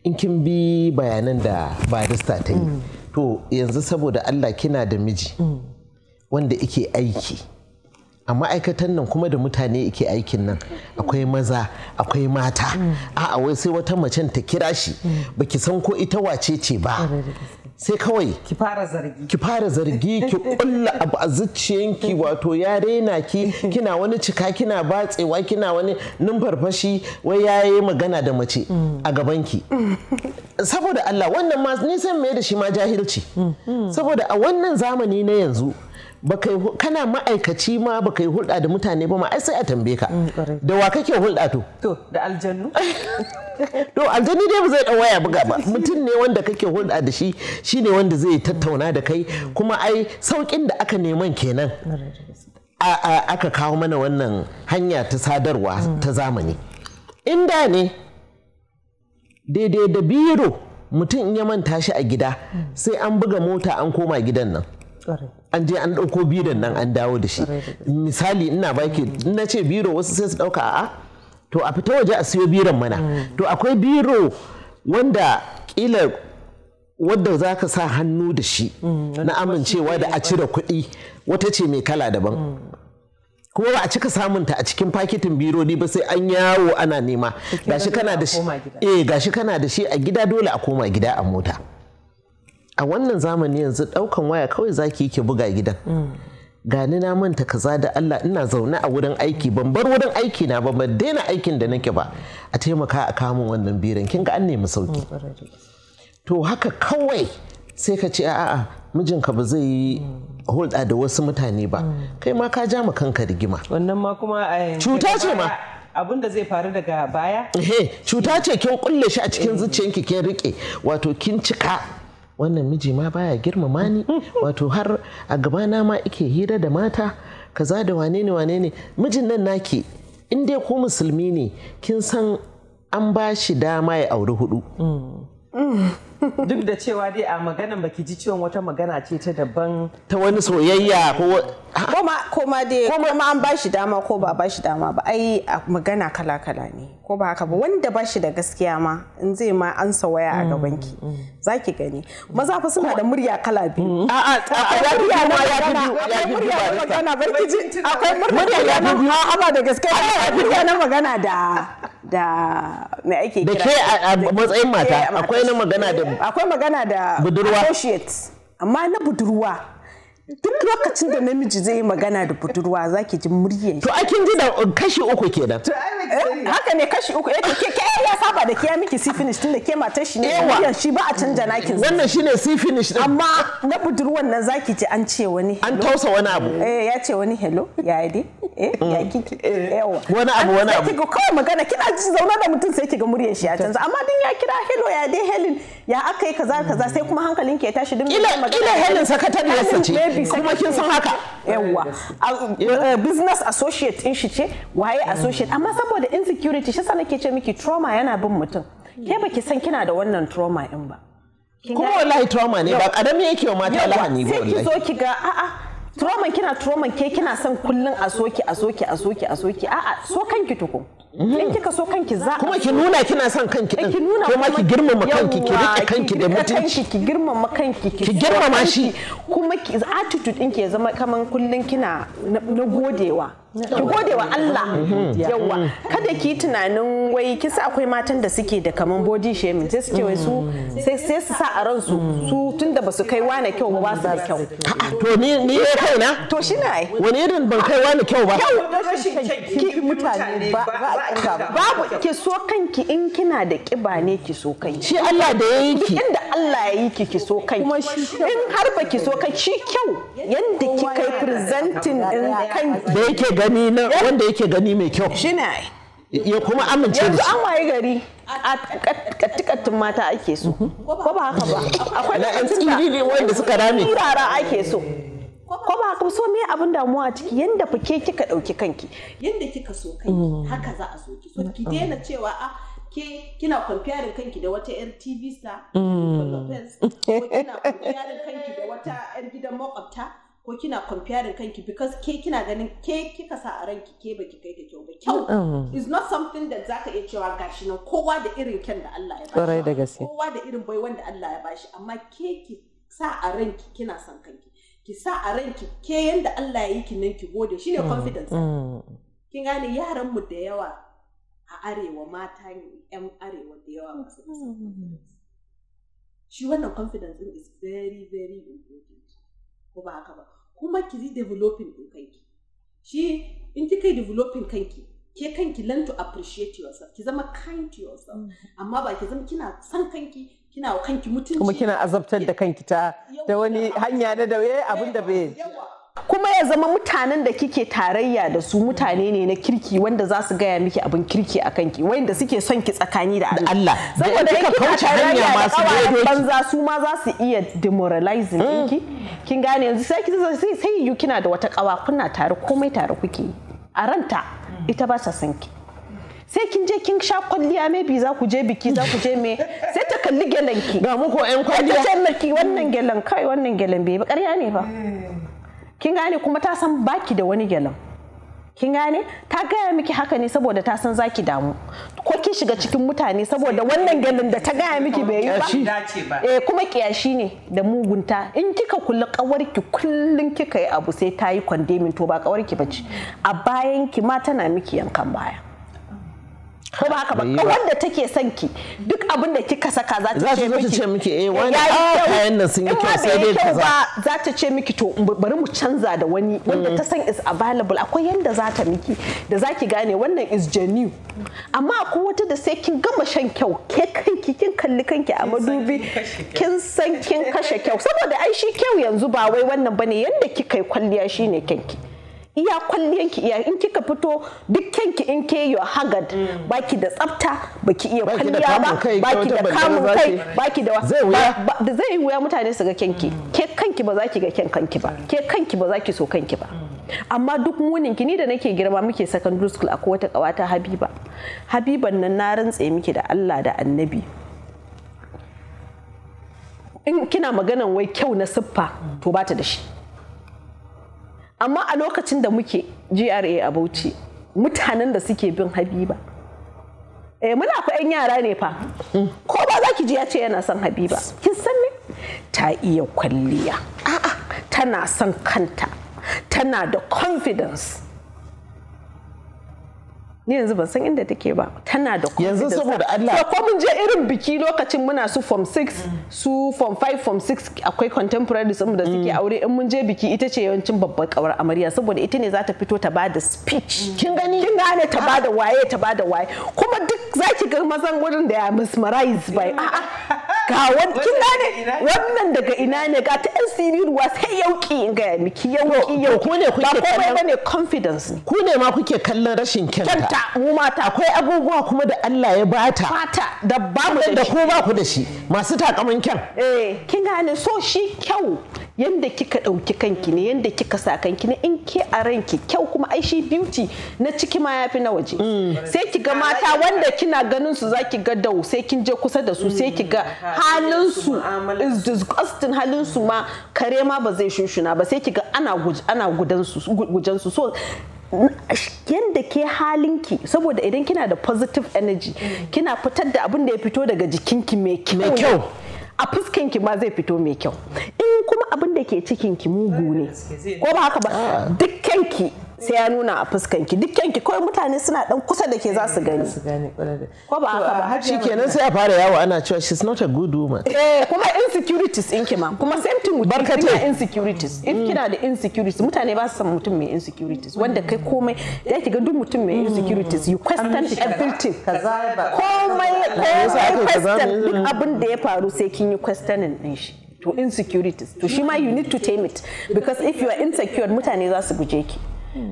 B: in kin bi bayanan da barista ta yi to yanzu saboda allah kina da miji wanda ike aiki a ma'aikatan nan kuma da mutane ike aikin nan akwai maza akwai mata a wai sai wata macen ta kira shi baki san ko ita wace ce ba sai kawai ki fara zargi ki fara zargi ki kulla abu a zuciyanki wato ya rena ki kina wani cika kina batsewa kina wani numfarfashi wai ya yi magana da mace a gaban ki. saboda Allah wannan ma nisan mai da shi ma jahilci saboda a wannan zamani na yanzu kana ma'aikaci ma baka yi hulɗa da mutane ba ma ai sai a tambaye ka mm, da wa kake hulɗa to to da aljannu to aljannu dai ba zai dan waya buga ba mutum ne wanda kake hulɗa da shi shine wanda zai tattauna da kai kuma ai saukin da aka neman kenan aka kawo mana wannan hanya ta sadarwa ta zamani inda ne daidai da biro mutum in ya manta shi a gida mm. sai an buga mota an koma gidan nan an je an ɗauko biron nan an dawo da shi misali ina baki ina ce biro wasu sai su ɗauka a'a to a fita waje a siyo biron mana mm. to akwai biro wanda ƙila wadda za ka sa hannu da shi mm, na amincewa da a cire kuɗi wata ce mai kala daban mm. kuma ba a cika samunta a cikin fakitin biro ba sai an yawo ana nema eh, gashi kana da shi a gida dole a koma gida a mota. a wannan zamani yanzu ɗaukan waya kawai zaki yake buga gidan gani na manta kaza da Allah ina zaune a wurin aiki ban bar wurin aiki na ba ban daina aikin da nake ba a taimaka a kamun wannan biran kin ga an nemi sauki to haka kawai sai ka ce a'a mijinka ba zai yi hulɗa da wasu mutane ba kai ma ka ja ma kanka rigima wannan ma kuma
A: eh, cuta ce ma abin da zai faru daga baya
B: eh, cuta ce kin kulle shi a cikin zuciyanki kin rike wato kin cika wannan miji ma baya girmama ni wato har a na ma ike hira da mata kaza da wane ne wane ne mijin nan naki in dai ko musulmi ne kin san an ba shi dama ya auri hudu mm.
A: duk da cewa dai a magana baki ji ciwon wata magana ce ta daban ta wani soyayya ko ah. Ko ma dai
C: ma an ba shi dama ko ba ba shi dama ba ai magana kala kala ne ko ba haka ba wanda ba shi da gaskiya ma in zai ma ansa waya a mm, gaban ki mm. za ki gani maza fa suna da
A: murya kala biyu mm. a a akwai murya na murya na magana barki
C: ji akwai murya biyu. a ba da gaskiya akwai murya na magana da da me ake kira da ke a matsayin mata akwai na magana da akwai magana da budurwa amma na budurwa duk lokacin da namiji zai yi magana da budurwa za ki ji muryar to a kin ji da uh, kashi uku kenan eh, haka ne kashi uku yake eh, ke ke ya saba da ke ya miki si finish tunda ke matar shi ne muryar shi ba a canja nakin wannan shine si finish din amma na budurwan nan za ki ji an ce wani an tausa wani abu eh ya ce wani hello ya dai eh mm. ya kiki eh. yawa wani abu wani abu kiga kawai magana kina ji zauna da mutum sai kiga muryar shi ya canza amma din ya kira hello ya dai helen ya aka yi kaza kaza sai kuma hankalinki ya tashi din ila ila helen sakatare ya sace kuma kin san haka yawwa eh, eh, business associate in shi ce waye associate amma saboda insecurity shi sa nake ce miki trauma yana bin mutum ke ki san kina da wannan trauma in ba
B: kuma wallahi trauma ne ba kadami yake wa mata lahani ba wallahi sai ki zo
C: ki ga a'a turoman kina turoman ke kina son kullun a soki a soki a soki a soki a'a so kanki tukun. Mhm. In kika so kanki za kuma ki nuna kina son kanki eh, din. Ki nuna kuma ki girmama kanki ki rike kanki da mutunci. Ki girmama kanki ki girmama shi. Kuma attitude ki ya zama kaman kullun kina na godewa. ki gode wa Allah mm-hmm. mm-hmm. mm-hmm. yawa kada ki tunanin wai kisa akwai matan da suke da kaman body shaming sai suke wai su mm. sai su sa a ransu mm. su tunda basu kai wani kyau ba su da kyau to ni ni ya kai na to shi na wani irin ban kai wani kyau ba ki
A: mutane ba babu
C: ki so kanki in kina da kiba ne ki so kai shi Allah da yayi ki inda Allah yayi ki ki so kanki in har ba ki so kai shi kyau yanda kika yi presenting din kanki da yake
B: gani na wanda yake gani mai kyau ne ya kuma amince da yanzu an waye
C: gari A katikatin mata ake so ko ba haka ba akwai na yan ne wanda suka rame turara ake so ko ba haka so me abin damuwa a ciki yanda fike kika dauki kanki yanda kika so kanki haka za a so ki so ki daina cewa a ah, ke kina comparing kanki da wata yar TV star
A: mm. ko kina
C: comparing kanki da wata yar gidan makwabta ko kina comparing kanki because ke kina ganin ke kika sa a ranki ke baki kai da kyau ba kyau mm, mm. is not something that zaka iya cewa gashi nan kowa da irin kyan da Allah ya bashi shi kowa da irin bai wanda Allah ya bashi amma ke ki sa a ranki kina son kanki ki sa a ranki ke yanda Allah ya yi ki nan ki gode shine mm, confidence kin gane yaran mu da yawa a arewa mata yan arewa da yawa shi wannan confidence is very very important ko ba haka ba kuma ki yi developing ɗin kanki shi in kika yi developing kanki ke kanki learn to appreciate yourself ki zama kind to yourself mm. amma ba ki zama kina san kanki kina wa kanki mutunci kuma kina
A: azabtar da kanki ta da wani hanya na da abin da bai
C: kuma ya zama mutanen da kike tarayya da su mutane ne na kirki wanda za su gaya miki abin kirki a kanki wanda suke son ki tsakani da Allah saboda kika kauce hanya masu su banza su ma za su iya demoralizing mm. ɗinki kin gane yanzu sai sai sai yu kina da wata kawa kuna tare komai tare kuke a ranta ita ba sa son ki sai kin je kin sha kwalliya maybe za ku je biki za ku je me sai ta kalli gelan ki ga muku ƴan kwalliya ta ce miki wannan gelan kai wannan gelan bai ba ƙarya ne ba mm. kin gane kuma ta san baki da wani gyalin kin gane ta gaya miki haka ne saboda ta san zaki damu ko kin shiga cikin mutane saboda wannan galin da ta gaya miki bai yi ba eh kuma kiyashi ne da mugunta in kika kula kawarki kullun kika yi abu sai ta yi kwandemin to ba kawarki bace a bayan ki ma tana miki yankan baya
B: ko ba haka ba wanda
C: take son ki duk abin da kika saka za ta ce miki za ta ce miki eh wani a ah, kayan nan sun yi kyau sai dai ba za ta ce miki to bari mu canza da wani mm. wanda ta san is available akwai yanda za ta miki da za ki gane wannan is genuine amma akwai wata da sai kin gama shan kyau ke kanki kin kalli kanki a madubi kin san kin kashe kyau saboda ai shi kyau yanzu ba wai wannan bane yanda kika yi kwalliya shine kanki. iya kwalliyarki iya in kika fito dukkanki in ke yo hagad mm. baki da tsafta baki iya kwalliya ba baki da kamun kai baki da zai yi wuya mutane su ga kyanki mm. ke kanki ba za ki ga kyan kanki ba ke kanki ba za ki so kanki ba mm. amma duk munin ki ni da nake girma muke secondary school akwai wata kawata Habiba Habiban nan na rantse miki da Allah da Annabi in kina maganan wai kyau na siffa to bata da shi amma a lokacin da muke gra a bauchi mutanen da suke bin habiba eh muna fa yan yara ne fa ko ba za ki ji ya ce yana son habiba kin san me ta iya kwalliya a'a tana son kanta tana da confidence ni yanzu ban san inda take ba tana da kuma yanzu saboda Allah ya ko mun je irin biki lokacin muna su form 6 su form 5 form 6 akwai contemporary sun da suke mm. aure in mun je biki ita ce yawancin babbar kawar amarya saboda ita ne za ta fito ta bada speech mm. kin gani kin gane ta bada ah. waye ta bada waye kuma duk zaki ga mazan wurin da ya mesmerize by a'a
A: ga kin ne wannan
C: daga ina ne ga ta siri ruwa sai yauki ga miki yauki yau ku ne kallon ba ne confidence
B: ku ne ma kuke kallon rashin kyanta kyanta mu mata akwai abubuwa kuma da Allah ya bata fata da ba mu da ku ba ku da shi masu takaman kyan eh kin gane so shi
C: kyau yanda kika ɗauki kanki ne yanda kika sa kanki ne in ke a ranki kyau kuma ai shi beauty na ciki ma yafi na waje mm. sai ki ga mata wanda kina ganin su zaki ga dau sai kin je kusa da su mm. sai ki ga halin su is disgusting halin su ma kare ma ba zai shushuna ba sai ki ga ana ana gudan su gujan su so yadda ke halinki saboda idan kina da positive energy mm. kina fitar da abin da ya fito daga jikinki mai kyau a ki ma zai fito mai kyau in kuma abin da ke cikin ki mugu ne ko ba haka ba dukkanki sai ya nuna a fuskan ki dukkan ki kawai mutane suna dan kusa da ke za su gani ko ba haka ba kenan sai a
B: fara yawo ana cewa she's not a good woman
C: eh kuma insecurities in ki ma kuma same thing with barkatai insecurities if mm. kina da insecurities mutane ba su san mutum mai insecurities wanda kai komai da ki ga duk mutum mai mm. insecurities you question everything
A: komai
C: komai question duk abin da ya faru sai kin yi questioning din shi to insecurities to shi ma you need to tame it because if you are insecure mutane za su guje ki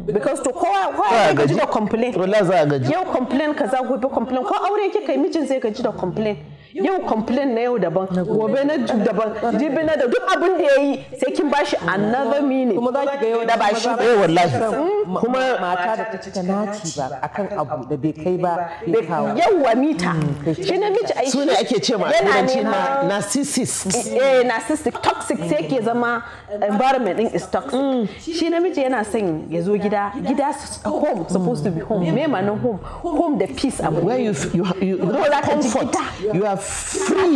C: because to
B: kowa kowa gaji da complain wallahi za a gaji yau
C: complain kaza gobe complain ko aure kika yi mijin zai gaji da complain yau complain na yau daban gobe na daban jibi na da duk abin
A: da yayi sai kin bashi another meaning kuma ki ga yau da ba shi eh wallahi mm. kuma
B: mata da ta cika naci ba akan abu da bai kai ba bai kawo mita mm, shi miji ai su ne ake ce ma turanci na narcissist eh, eh narcissistic toxic sai ke
C: zama environment din is toxic mm. shi miji yana son ya zo gida gida home supposed to be home me manan home home da peace abu where you you, you, comfort you are are free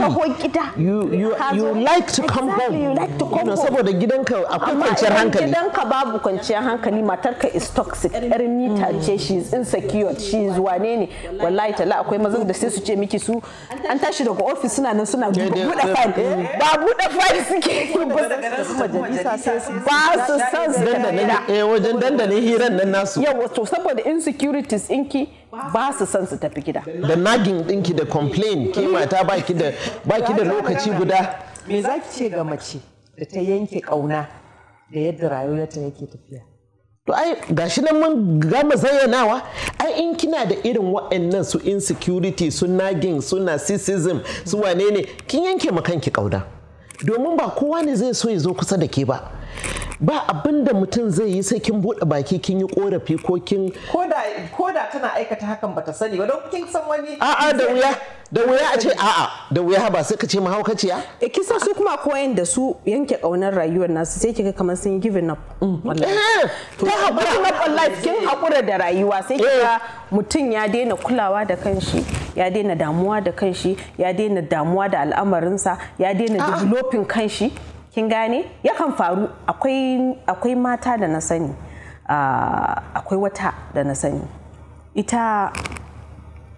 C: you you you like to come home you like to come home saboda gidanka akwai kwanciyar hankali gidanka babu kwanciyar hankali matarka is toxic yar mita mm. ce she is insecure she is wane ne wallahi tala akwai mazan da sai su ce miki su an tashi daga office suna nan suna buɗe file ba buɗe file suke
A: majalisa
C: sai su ba su san su dandalin eh wajen dandalin hiran nan nasu yawa to saboda insecurities inki ba su son su tafi gida
B: da nagin ɗinki da complain ke mata baki da da lokaci guda me za ce ga mace da ta yanke kauna da yadda rayuwarta yake tafiya to ai gashi nan mun gama zayyanawa ai in kina da irin waɗannan su insecurity su nagin su narcissism su wane ne kin yanke ma kanki ƙauna. domin ba kowa ne zai so ya zo kusa da ke ba ba abin da mutum zai yi sai kin buɗe baki kin yi korafi ko kin
A: ko da tana aikata hakan bata sani ba don kin san wani a'a da wuya da wuya a ce a'a da wuya ba sai ka ce mahaukaciya e eh, kisa su kuma koyan da su yanke
C: kaunar rayuwar nasu sai kika kamar sun give mm. eh, up wallahi ta hakura na life kin eh. hakura da rayuwa sai kika mutum ya daina kulawa da kanshi ya daina damuwa da kanshi ya daina damuwa da al'amarinsa ya daina developing kanshi kin gane yakan faru akwai mata da na sani ah, akwai wata da na sani ita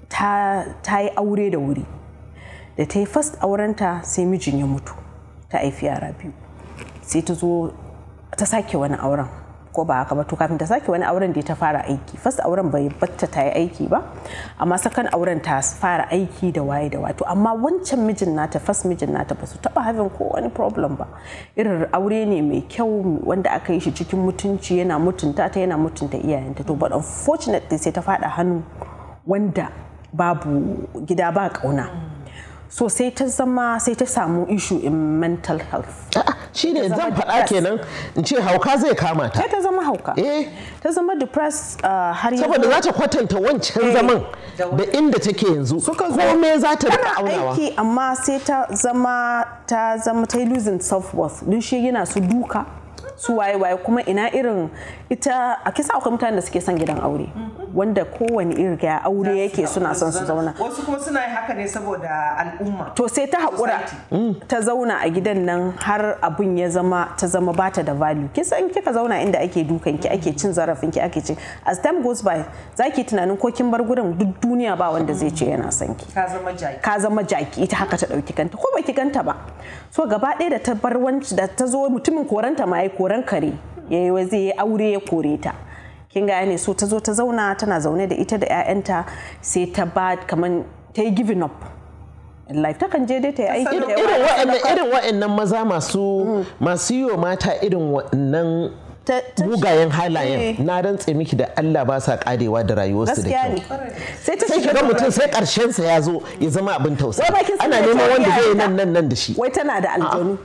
C: ta yi aure da wuri da ta yi first aurenta sai mijin ya mutu ta haifi yara biyu sai ta zo ta sake wani auren ko ba haka ba to kafin ta sake wani auren da ta fara aiki first auren bai batta ta yi aiki ba amma sakan auren ta fara aiki da waye da wato amma wancan mijin nata first mijin nata ba su taba having ko wani problem ba irin aure ne mai kyau wanda aka yi shi cikin mutunci yana mutunta ta yana mutunta iyayenta to but unfortunately sai ta fada hannu wanda babu gida ba kauna so sai ta zama sai ta samu issue in mental health
B: shi ne zan faɗa kenan in ce hauka zai kama ta ta zama hauka eh. ta zama depressed uh, har yanzu saboda za ta kwatanta wancan eh. zaman da inda take yanzu komai za ta da aunawa aiki
C: amma sai ta zama ta zama ta losing self worth din shi yana su duka su waye waye kuma ina irin ita a kisa akwai mutanen da suke son gidan aure wanda kowane irin ya aure yake suna son su zauna
A: wasu kuma suna yi haka ne saboda al'umma to sai ta haƙura
C: mm. ta zauna a gidan nan har abun ya zama ta zama bata da value kisa in kika zauna inda ake dukan ki ake cin zarafin ki ake ci as time goes by za zaki tunanin ko kin bar gurin duk duniya ba wanda zai ce yana son ki
A: ka zama jaki
C: ka zama jaki ita haka ta ɗauki kanta ko baki ganta ba so gaba ɗaya da ta bar wanci da ta zo mutumin koranta ma ya koran kare yayi zai aure ya kore ta kin gane so ta zo ta zauna tana zaune da ita da 'ya'yanta sai ta ba kamar ta yi giving up in life kan je dai ta yi aiki da irin
B: wa'annan maza masu mm. masu yiwa mata irin wa'annan mugayen halayen eh. na rantse miki da Allah ba sa karewa da rayuwarsu da kyau
C: sai ta shiga mutum
B: sai karshen sa ya zo ya zama abin tausayi ana neman wanda zai nan nan da shi wai tana da aljanu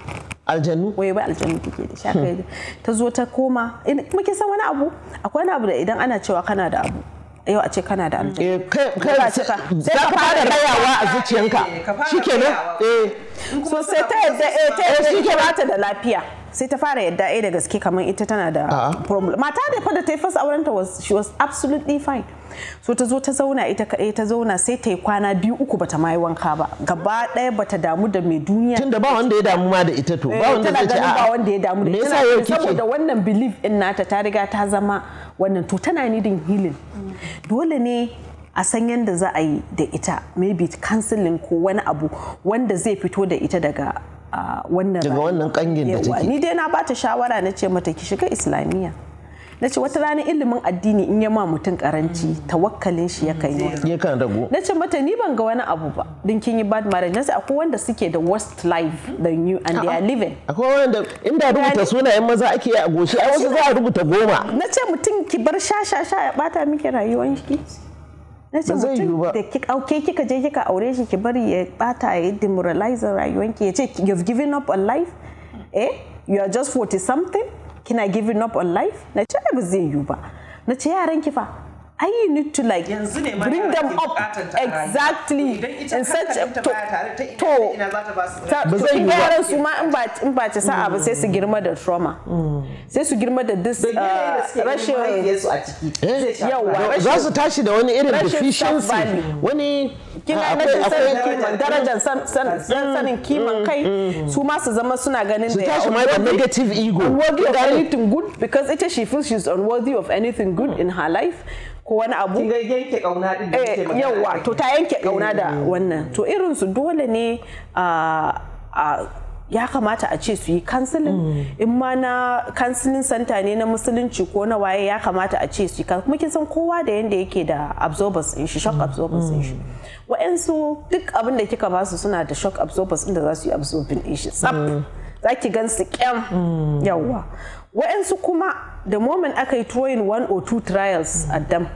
B: aljannu wai
C: wai aljannu kike da shafe ta zo ta koma kuma kin san wani abu akwai wani abu da idan ana cewa kana da abu yau a ce kana da aljannu eh, za ka fara rayawa a zuciyanka eh, shikenan eh so sai ta yadda
A: eh ta eh, yadda ba ta da
C: lafiya sai ta fara yadda eh da gaske kamar ita tana da problem mata da fa da ta yi fasa auren ta she was absolutely fine so ta zo ta zauna ita kaɗai ta zauna sai ta yi kwana biyu uku bata ma yi wanka ba gaba ɗaya bata damu da mai duniya tunda ba wanda ya damu ma da ita to ba eh, wanda zai ce ba wanda ya damu da ita saboda wannan belief din nata ta riga ta zama wannan to tana nidin healing dole ne a san yadda za a yi da ita maybe counseling ko wani abu wanda zai fito da ita daga ah, wannan daga wannan kangin da take ni dai na ba ta shawara na ce mata ki shiga islamiyya na ce wata rana ilimin addini in ya ma mutum karanci mm. tawakkalin shi yakan yi mm. yakan rago na ce mata ni ban ga wani abu ba din kin yi bad marriage na ce akwai wanda suke da worst life than you and they are living
B: akwai wanda inda rubuta sunayen maza ake yi a goshi ai wasu za a rubuta goma
C: na ce mutum ki bar sha sha sha ya bata miki rayuwar shi na ce mutum da kauke kika je kika aure shi ki bari ya bata ya demoralize ki ya ce you've given up on life eh you are just 40 something kina giving up on life na ce ba zai yiwu ba na ce yaran ki fa ai you need to like yanzu ne bring them up exactly in such a
A: to to ba zai yi yaran su
C: ma in ba in ba ta sa'a ba sai su girma da trauma mm. sai su girma da this uh, rashin yesu a ciki eh, yawa za su tashi da wani irin deficiency wani kina rashin sanin
B: kiman darajar
C: sanin mm, kiman kai mm, su ma su zama suna ganin da tashi ma da negative ego unworthy of anything good because ita she feels she's unworthy of anything good in her life ko wani abu kin yanke kauna din da eh, yawa to ta yanke kauna da eh. wannan to irin su dole ne a ya kamata a ce su yi kansilin mm. in ma na kansilin santa ne na musulunci ko na waye ya kamata a ce su yi kuma kin san kowa da yanda yake da absorbers din shi shock mm. absorbers din shi mm. wa'ansu duk abin da kika basu suna da shock absorbers inda za su yi absorbing din shi tsaf za ki gan su kyam yawwa wa'yansu kuma da moment aka yi throwing one or two trials a dam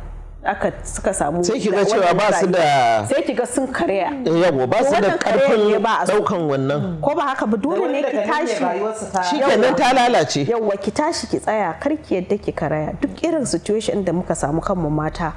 C: aka suka samu sai kiga cewa ba su da sai kiga sun karya yabo ba su da karfin daukan wannan ko ba haka ba dole ne ki tashi kenan ta lalace yawa ki tashi ki tsaya kar ki yadda ki karaya duk irin situation da muka samu kanmu mata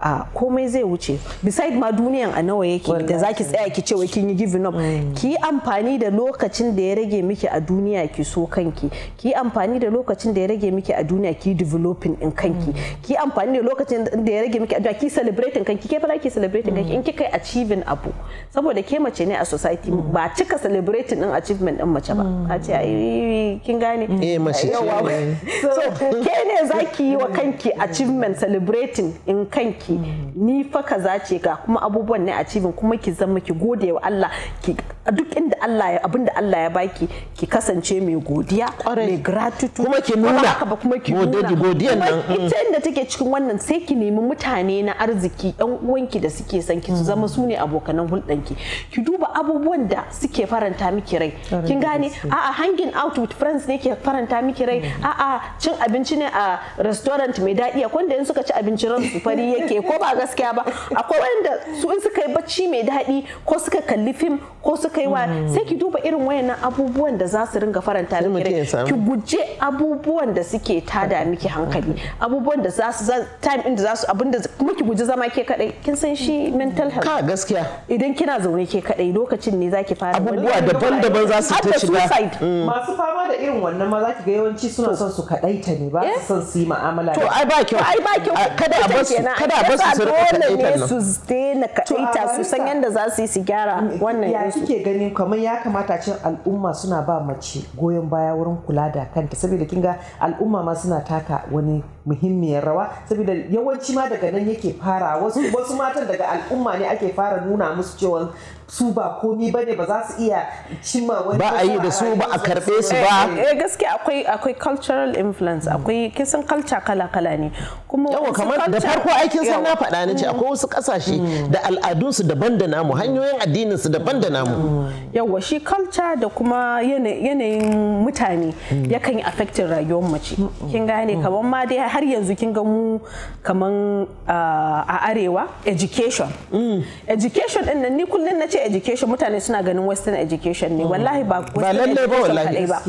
C: a komai zai wuce beside ma duniyan a nawa yake da zaki tsaya ki ce wai kin yi giving up mm. ki amfani da lokacin da ya rage miki a duniya ki so kanki ki amfani da lokacin da ya rage miki a duniya ki developing in kanki mm. ki amfani da lokacin da ya rage miki a duniya ki celebrating kanki ke fara ki celebrating kanki mm. in kika achieving abu saboda ke mace ne a society ba cika celebrating din achievement din mace ba a ce ai kin gane eh mace ce so ke ne zaki yi wa kanki achievement celebrating in kanki Mm. ni fa kaza ce ga kuma abubuwan ne a cibin kuma ki zama ki gode wa Allah ki a duk inda Allah ya abinda Allah ya baki ki kasance mai godiya mai gratitude kuma ki nuna kuma ki nuna godiyan nan ita mm. inda take cikin wannan sai ki nemi mutane na arziki ɗan uwanki da suke son ki su zama mm. su ne abokanan hulɗanki ki duba abubuwan da suke faranta miki rai kin gane a'a hanging out with friends ne ke faranta miki rai mm. a'a cin abinci ne a restaurant mai daɗi akwai wanda in suka ci abinci ran su fari yake ko ba gaskiya ba akwai wanda su in suka yi bacci mai daɗi ko suka kalli fim ko suka kaiwa mm. sai ki duba irin wayannan abubuwan da za su ringa faranta miki ki guje abubuwan da suke tada miki hankali abubuwan da za su time din da za su abinda da kuma ki guje zama ke kadai kin san shi mental health ka gaskiya idan kina zaune ke kadai lokacin ne zaki fara abubuwa daban-daban za su ta shiga mm.
A: masu fama da irin wannan ma za ki ga yawanci suna son su kadaita ne ba su son su yi mu'amala to ai ba kyau ai ba kyau kada a basu kada a basu su rika kadaitan nan su daina kadaita su san yanda za su yi su gyara mm. wannan yanzu gani kamar ya kamata cin al'umma suna ba mace goyon baya wurin kula da kanta saboda kinga al'umma ma suna taka wani muhimmiyar rawa saboda yawanci ma daga nan yake fara wasu wasu matan daga al'umma ne ake fara nuna musu cewa su ba komi bane ba za su iya cimma wani ba a yi da su ba a karbe su ba eh,
C: eh gaskiya akwai akwai cultural influence hmm. akwai kisan culture kala kala ne kuma yawa kamar da farko aikin san na faɗa ne ce akwai
B: wasu kasashe hmm. da al'adun su daban da namu hanyoyin addinin su daban da namu hmm. yawa shi culture da kuma yanayin mutane
C: yakan yi affecting rayuwar mace kin gane kamar ma dai har yanzu kin ga mu kaman ah, a arewa education mm. education din nan ni kullun na ce education mutane suna ganin western education ne mm. wallahi ba western education ba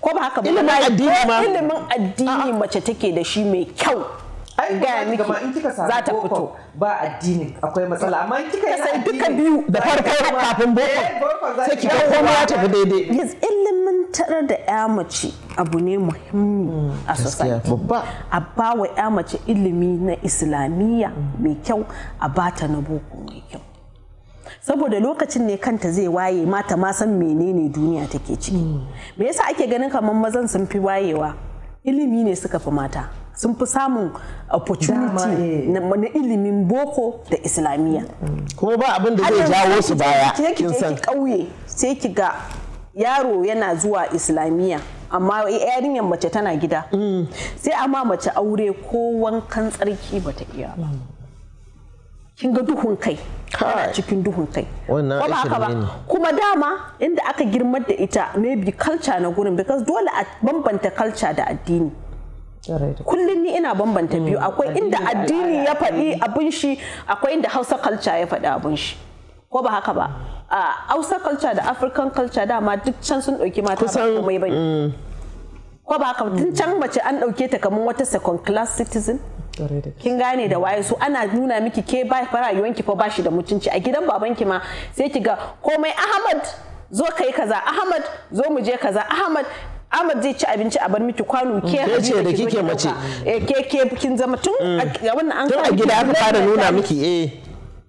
C: ko ba haka ba ilimin
A: addini ah. mace take da shi mai kyau ai ga fito ba addini akwai matsala amma in kika yi duka biyu da farko kafin boko eh, sai kika koma ta fi daidai yes ilimantar da ya
C: mace abu ne muhimmi a hmm, society a ba wa ya mace ilimi na islamiyya hmm. mai kyau a bata na boko mai kyau saboda lokacin ne kanta zai waye mata ma san menene duniya take ciki hmm. me yasa ake ganin kamar mazan sun fi wayewa ilimi ne suka fi mata sun fi samun opportunity eh. na ilimin boko da islamiyya kuma ba
B: abin da zai jawo su
C: baya kin san kauye sai ki ga yaro yana zuwa islamiyya amma yarinyar mace tana gida mm. sai amma mace aure ko wankan tsarki bata iya kin ga duhun kai cikin duhun kai kuma dama inda aka girmar da ita maybe culture na gurin because dole a bambanta culture da addini kullum ni ina bambanta hmm, biyu akwai inda addini ya faɗi abin shi akwai inda hausa culture ya faɗi abin shi ko ba haka ba a hausa culture da african culture dama duk can sun ɗauki mata ba komai ba hmm. ko ba haka tun can mace an ɗauke ta kamar wata second class citizen kin gane da waye su ana nuna miki ke ba rayuwanki fa bashi da mutunci a gidan babanki ma sai ki ga komai ahmad zo kai kaza ahmad zo mu je kaza ahmad Ahmad zai ci abinci a bar miki kwano ke ce da kike mace eh, ke ke kin zama tun mm. wannan an tun a gida aka fara nuna miki eh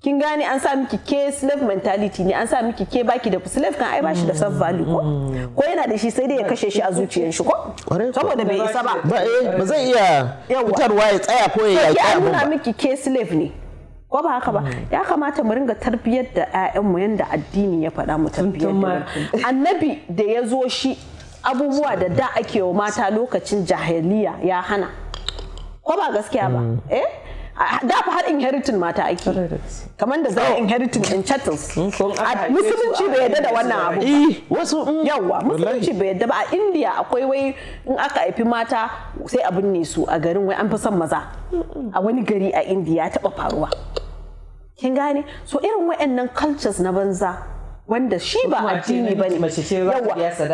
C: kin gane an sa miki ke slave mentality ne an sa miki ke baki da slave kan ai bashi da self value
B: ko mm.
C: ko yana da shi sai dai ya kashe shi a zuciyar shi ko
B: saboda bai isa ba ba eh ba zai iya fitarwa ya tsaya ko ya yaki abun ba
C: miki ke slave ne ko ba haka ba mm. ya kamata mu ringa tarbiyyar da 'ya'yanmu yanda addini ya faɗa mu tarbiyyar da annabi da ya zo shi abubuwa da da ake wa mata lokacin jahiliya ya hana ko ba gaskiya ba mm. eh da fa har inheritin mata ake kamar da za a oh. inheritin in chattels musulunci bai yadda da wannan abu wasu yawa musulunci bai yadda ba a india akwai wai in aka haifi mata sai abin ne su a garin wai an fi son maza a wani gari a india ya taba faruwa kin gane so irin wayannan cultures na banza wanda shi ba addini ba ne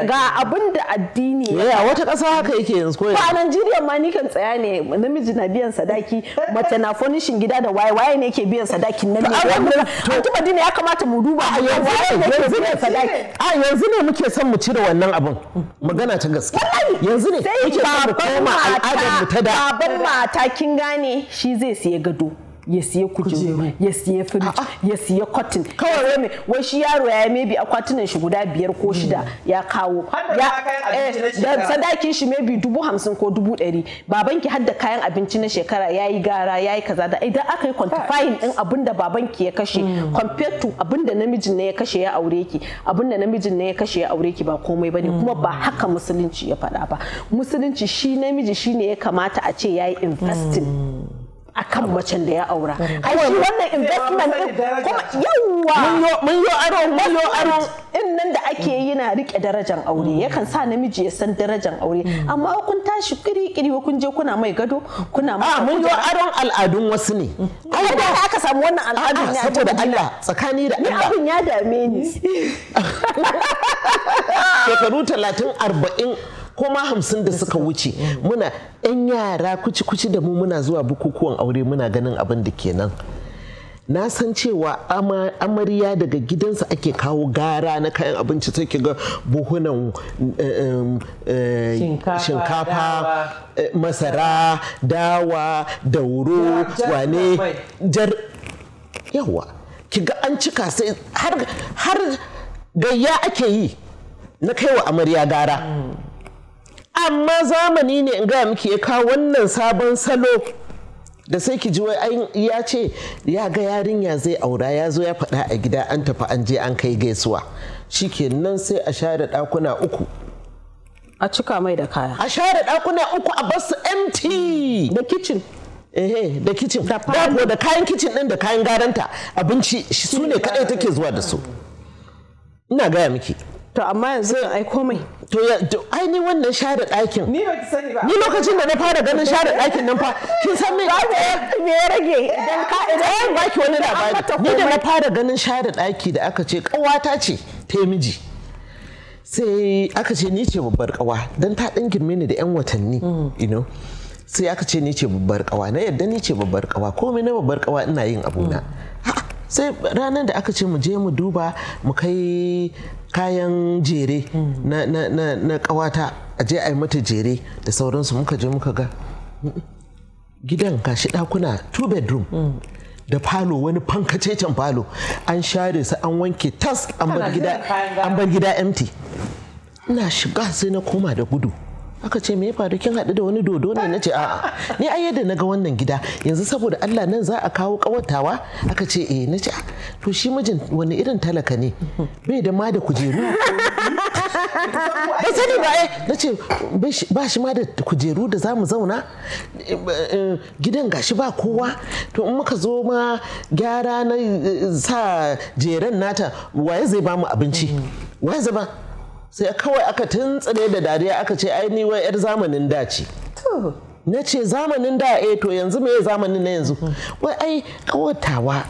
C: ga abin da addini ya wata ƙasa haka
B: yake yanzu ba a
C: Najeriya ma ni kan tsaya ne namiji na biyan sadaki mace na furnishin gida da waye waye ne yake biyan sadakin nan ne an
B: tuba ya kamata mu duba a yanzu ne sadaki a yanzu ne muke son mu cire wannan abin magana ta gaske yanzu ne muke son mu koma al'adar mu ta da
C: babban mata kin gane shi zai siya gado ya kujeru ya siya firij cotton kawai wai me wai shi yaro ya maybe akwatunan shi guda biyar ko hmm. shida ya kawo ya eh, sadakin shi maybe dubu hamsin ko dubu ɗari babanki hadda kayan abinci na shekara ya yi gara ya yi kaza da idan aka yi quantifying din abin da babanki ya kashe hmm. compared to abin da namijin ne ya kashe ya aure ki namijin ne ya kashe ya aure ki ba komai ne kuma ba hmm. haka musulunci ya faɗa ba musulunci shi namiji shine ya kamata a ce ya yi investing a kan macen da ya aura aiki shi wannan investment kuma yawwa mun yo aro mun yi aro in nan da ake yi na riƙe darajar aure mm. yakan sa namiji ya san darajar aure mm. amma kun tashi kiri kiri kun je kuna mai gado kuna ah, mai mun yo aron al'adun
B: wasu ne mm. A
C: da aka samu wannan al'adun ne saboda Allah tsakani da Allah ni abin
B: ya dame ni shekaru talatin arba'in. ko ma hamsin da suka wuce mm. muna yan yara kuci-kuci da mu muna zuwa bukukuwan aure muna ganin abin da kenan na san cewa amarya daga gidansa ake kawo gara na kayan abinci take ga buhunan eh, eh, shinkafa eh, masara dawa dauro wane jar yawa kiga an cika sai har gayya ake yi na kaiwa amarya gara mm. amma zamani ne in gaya miki ya kawo wannan sabon salo da sai ki ji wai ya ce ya ga yarinya zai aura ya zo ya faɗa a gida an tafi an je an kai gaisuwa shikenan sai a share ɗakuna uku a cika mai da kaya a share ɗakuna uku a su empty da kitchen ehe da kitchen da da kayan kitchen ɗin da kayan garanta abinci su ne kaɗai take zuwa da su ina gaya miki to amma yanzu zan aiko mai to ai ni wannan share ɗakin ni
A: ba ki sani ba ni lokacin da na fara ganin share ɗakin nan fa kin san me me ya rage idan ka
B: idan eh, ba ki wani labari ni da na fara ganin share ɗaki da aka ce ƙawata ce ta miji sai aka ce ni ce babbar ƙawa dan ta ɗan girme ni da 'yan watanni mm. you know sai aka ce ni ce babbar ƙawa na yadda ni ce babbar ƙawa komai na babbar ƙawa ina yin abuna. na mm. sai ranar da aka ce mu je mu duba mu kai kayan jere na kawata a je a yi mata jere da sauransu muka je muka ga gidan gashi dakuna two bedroom da falo wani fankacecen falo an share su an wanke tas an bar gida empty ina shiga sai na koma da gudu aka ce me ya faru kin haɗu da wani dodo ne na ce a'a ni ai yadda naga wannan gida yanzu saboda Allah nan za a kawo kawatawa aka ce eh na ce ah, to shi mijin wani irin talaka ne bai da ma da kujeru ba sani ba eh na ce ba shi ma da kujeru da za mu zauna gidan gashi ba kowa to in muka zo ma gyara na eh, sa jeren nata waye zai ba mu abinci waye zai ba sai kawai aka tuntsire da dariya aka ce ai ni wai yar zamanin da ce na ce zamanin da eh to yanzu me zamanin na yanzu wai ai kawatawa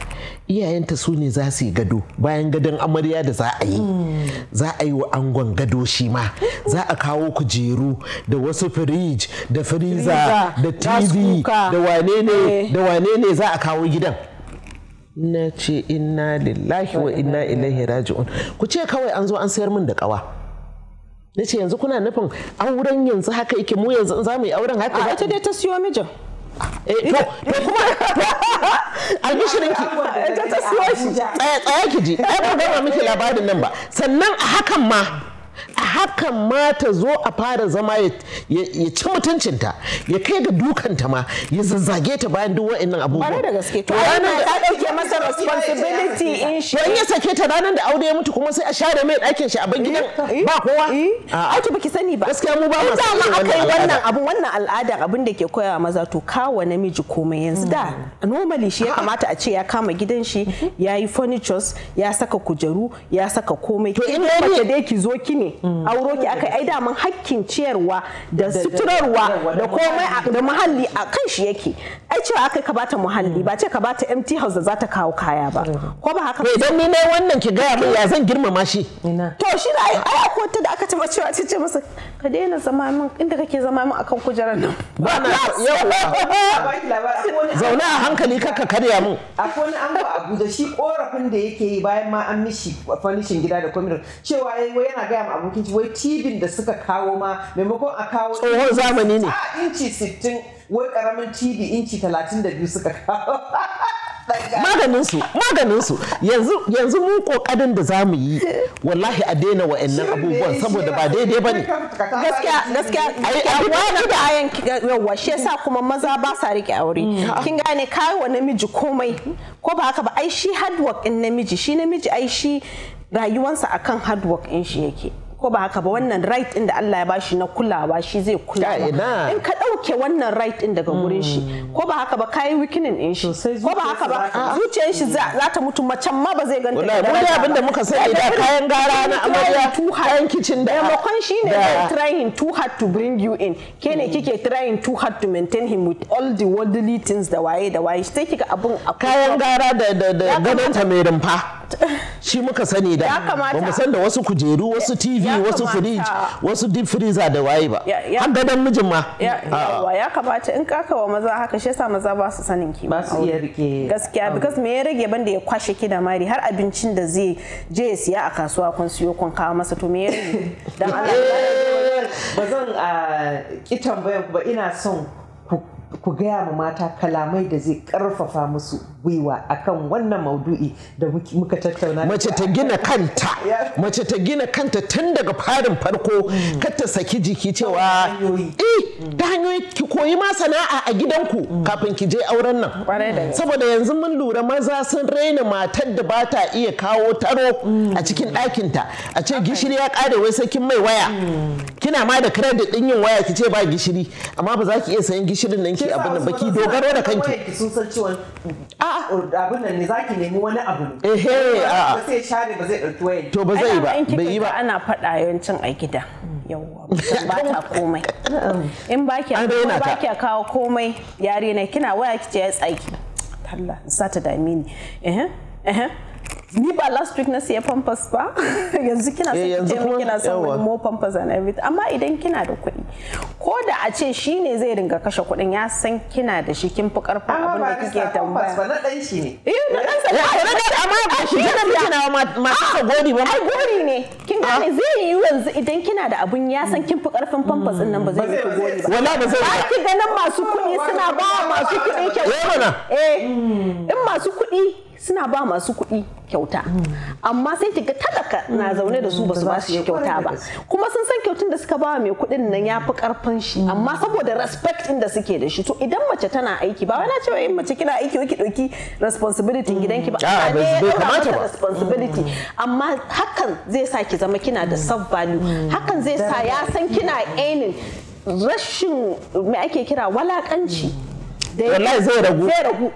B: iyayenta su ne za su yi gado bayan gadon amarya da za a yi za a yi wa angon gado shi ma za a kawo kujeru da wasu firij da firiza da tv da wane ne eh. da wane ne za a kawo gidan na ce inna lillahi wa inna ilaihi raji'un ku ce kawai an zo an sayar min da kawa nace yanzu kuna nufin auren yanzu haka yake mu yanzu za mu yi auren haka ita dai ta siyo mijin eh, to kuma ta siyo shi tsaya ki ji ai ba gama miki labarin nan ba sannan hakan ma hakan ma ta zo a fara zama ya ci mutuncinta ya kai ga dukanta ma ya zazzage ta bayan duk wa'annan abubuwa bare da gaske to ana ta dauke masa responsibility in shi wani ya sake ta ranar da aure ya mutu kuma sai a share mai ɗakin shi a ban gidan eh, eh, ba kowa eh. ai to baki sani ba gaskiya mu ba mu sani ma akai wannan abu
C: wannan al'ada abin da ke koyawa maza to kawo namiji komai yanzu da hmm. normally shi ya kamata a ce ya kama gidan shi mm-hmm. ya yi furnitures ya saka kujeru ya saka komai to in dai ki zo ki ne mm. auro ki aka ai daman hakkin ciyarwa da suturarwa da komai da muhalli a kan shi yake ai cewa aka ka bata muhalli mm. ba ce ka bata empty house da za ta kawo kaya ba mm. ko ba haka idan eh, ni ne wannan ki gaya min ya
B: zan girmama shi to
C: shi da ai akwai ta da aka taba cewa ce masa ka daina zama min inda kake zama min akan kujerar nan ba na yau
B: zauna
C: a hankali
A: ka karya mu akwai wani an ango abuja shi korafin da yake yi bayan ma an mishi fanishin gida da kwamitin cewa wai yana gaya ma abokin wai tibin da suka kawo ma maimakon a kawo tsohon zamani ne a inci 60 wai karamin tibi inci 32 suka
B: kawo maganinsu maganinsu yanzu mu kokarin da za mu yi wallahi a daina wa'annan abubuwan saboda ba daidai ba ne
A: gaskiya gaskiya wani da ayan
C: yawa shi yasa kuma maza ba sa rike aure mm. kin ah. gane kai wa namiji komai ko ba haka ba ai shi hard work in namiji shi namiji ai shi rayuwansa akan hard work in shi yake ko ba haka ba wannan right din da Allah ya bashi na kulawa shi zai kula in ka dauke wannan right din daga gurin shi hmm. ko ba haka ba kai weakening din shi ko ba haka ba zuciyar shi za ta mutu macen ma ba zai ganta da wani abin da muka sani da kayan gara na amarya kayan kitchen da ne shine trying too hard to bring you in ke ne hmm. kike trying too hard to maintain him with all the worldly things da waye da waye
B: sai kika abun kayan gara da da ta mai rumfa shi muka sani da ba mu san da wasu kujeru wasu tv wasu fridge wasu deep freezer da waye ba har dan mijin ma ya
C: ah. kamata in kaka wa maza haka shi yasa maza ba su sanin ki ba su iya
B: rike gaskiya because
C: me ya rage banda ya kwashe ki da mari har abincin da zai je
A: ya siya a kasuwa kun siyo kun kawo masa to me ya rage dan Allah eh, ba zan ah, ki tambayar ba ina son ku gaya ma mata kalamai da zai
B: karfafa musu gwiwa akan wannan maudu'i da muka tattauna mace ta gina kanta mace ta gina kanta tun daga farin farko mm. kar ta saki jiki cewa eh mm. ta hanyoyi ki koyi ma sana'a a gidanku mm. kafin ki je auren nan saboda yanzu mun lura maza sun raina matar da ba ta iya kawo taro a cikin ɗakinta a ce gishiri ya ƙare wai sai kin mai waya kina ma da credit din yin waya ki ce ba gishiri amma ba za ki iya sayan gishirin nan baki abin da baki dogaro da kanki
A: sun san cewa a a abin nan ne zaki nemi wani abu
B: ehe a ba
A: sai share ba zai dauki wayar to ba zai ba bai
C: yi ba ana fada yawancin a gida yawwa ba ta komai in ba ki ba ki kawo komai yare na kina waya kice ya tsaki Allah za ta dame ni ehe eh ni ba last week na siya pampers ba yanzu kina son ki kina son wani more pampers and everything amma idan kina da kuɗi ko da a ce shi ne zai ringa kashe kuɗin ya san kina da shi kin fi karfin abin da kike tambaya Amma ba na
A: dan shi ne eh na dan sa amma ba shi da kina ma ma ka gori ba ai gori
C: ne kin ne zai yi yanzu idan kina da abun ya san kin fi karfin pampers din nan ba zai yi gori ba wallahi ba zai ba ki ganin masu kuɗi suna ba masu kuɗi kyau eh in masu kuɗi suna ba masu kuɗi kyauta amma sai kika talaka na mm, zaune da su ba su ba su kyauta ba kuma sun san kyautun da suka ba mai kuɗin nan ya fi karfin shi mm. amma saboda respect inda da suke da shi to idan mace tana aiki ba wani cewa in mace kina aiki wai ki ɗauki responsibility mm. gidanki ba responsibility amma hakan zai sa ki zama kina da self value hakan zai sa ya san kina ainin rashin me ake kira walakanci da zai ragu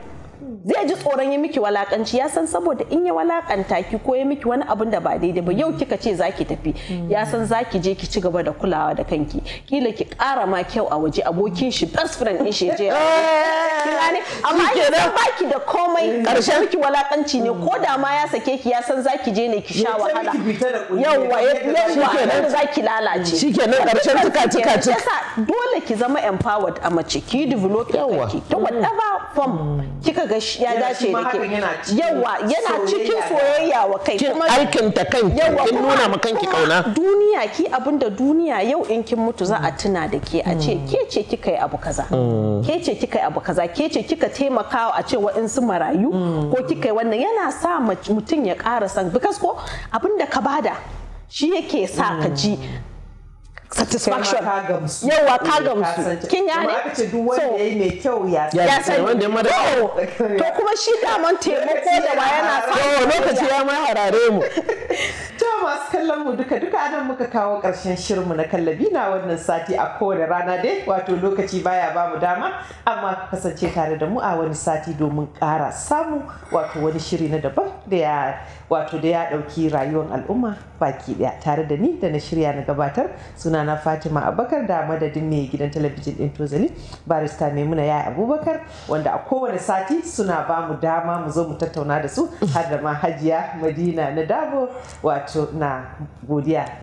C: zai ji tsoron ya miki walakanci ya san saboda in ya walakanta ki ko ya miki wani abun da ba daidai ba yau kika ce zaki tafi ya san zaki je ki ci gaba da kulawa da kanki kila ki kara ma kyau a waje abokin shi best friend din shi je eh, amma idan baki da komai karshen eh. miki walakanci ne ko da ma ya sake ki ya san zaki je ne ki sha wahala wa yau nan zaki lalace shikenan karshen tuka tuka tuka dole ki zama empowered a mace ki develop kanki to whatever form hmm. kika ga ya dace da ke yawa yana cikin soyayya wa kai kuma aikin ta kanki nuna ma kanki kauna duniya ki abinda duniya yau in kin mutu za a tuna da ke a ce mm. ke ce kika yi abu kaza mm. ke ce kika yi abu kaza ke ce kika taimakawa a ce su marayu mm. ko kika yi wannan yana sa mutum ya ƙara san bikas ko abinda ka bada shi yake sa ka ji satisfaction yawa ka
A: gamsu eh, kin gane so ya sani wanda ya mada to kuma shi daman taimako da ba yana samu lokaci ya mai harare mu to masu kallon mu duka duka anan muka kawo karshen shirmu na kallabi na wannan sati a kowane rana dai wato lokaci baya ba mu dama amma kasance tare da mu a wani sati domin ƙara samu wato wani shiri na daban da ya wato da ya ɗauki rayuwar al'umma baki ɗaya tare da ni da na shirya na gabatar suna sunana fatima abubakar da madadin mai gidan talabijin din tozali barista maimuna ya abubakar wanda a kowane sati suna ba mu dama mu zo mu tattauna da su har da ma hajiya madina na dabo wato na godiya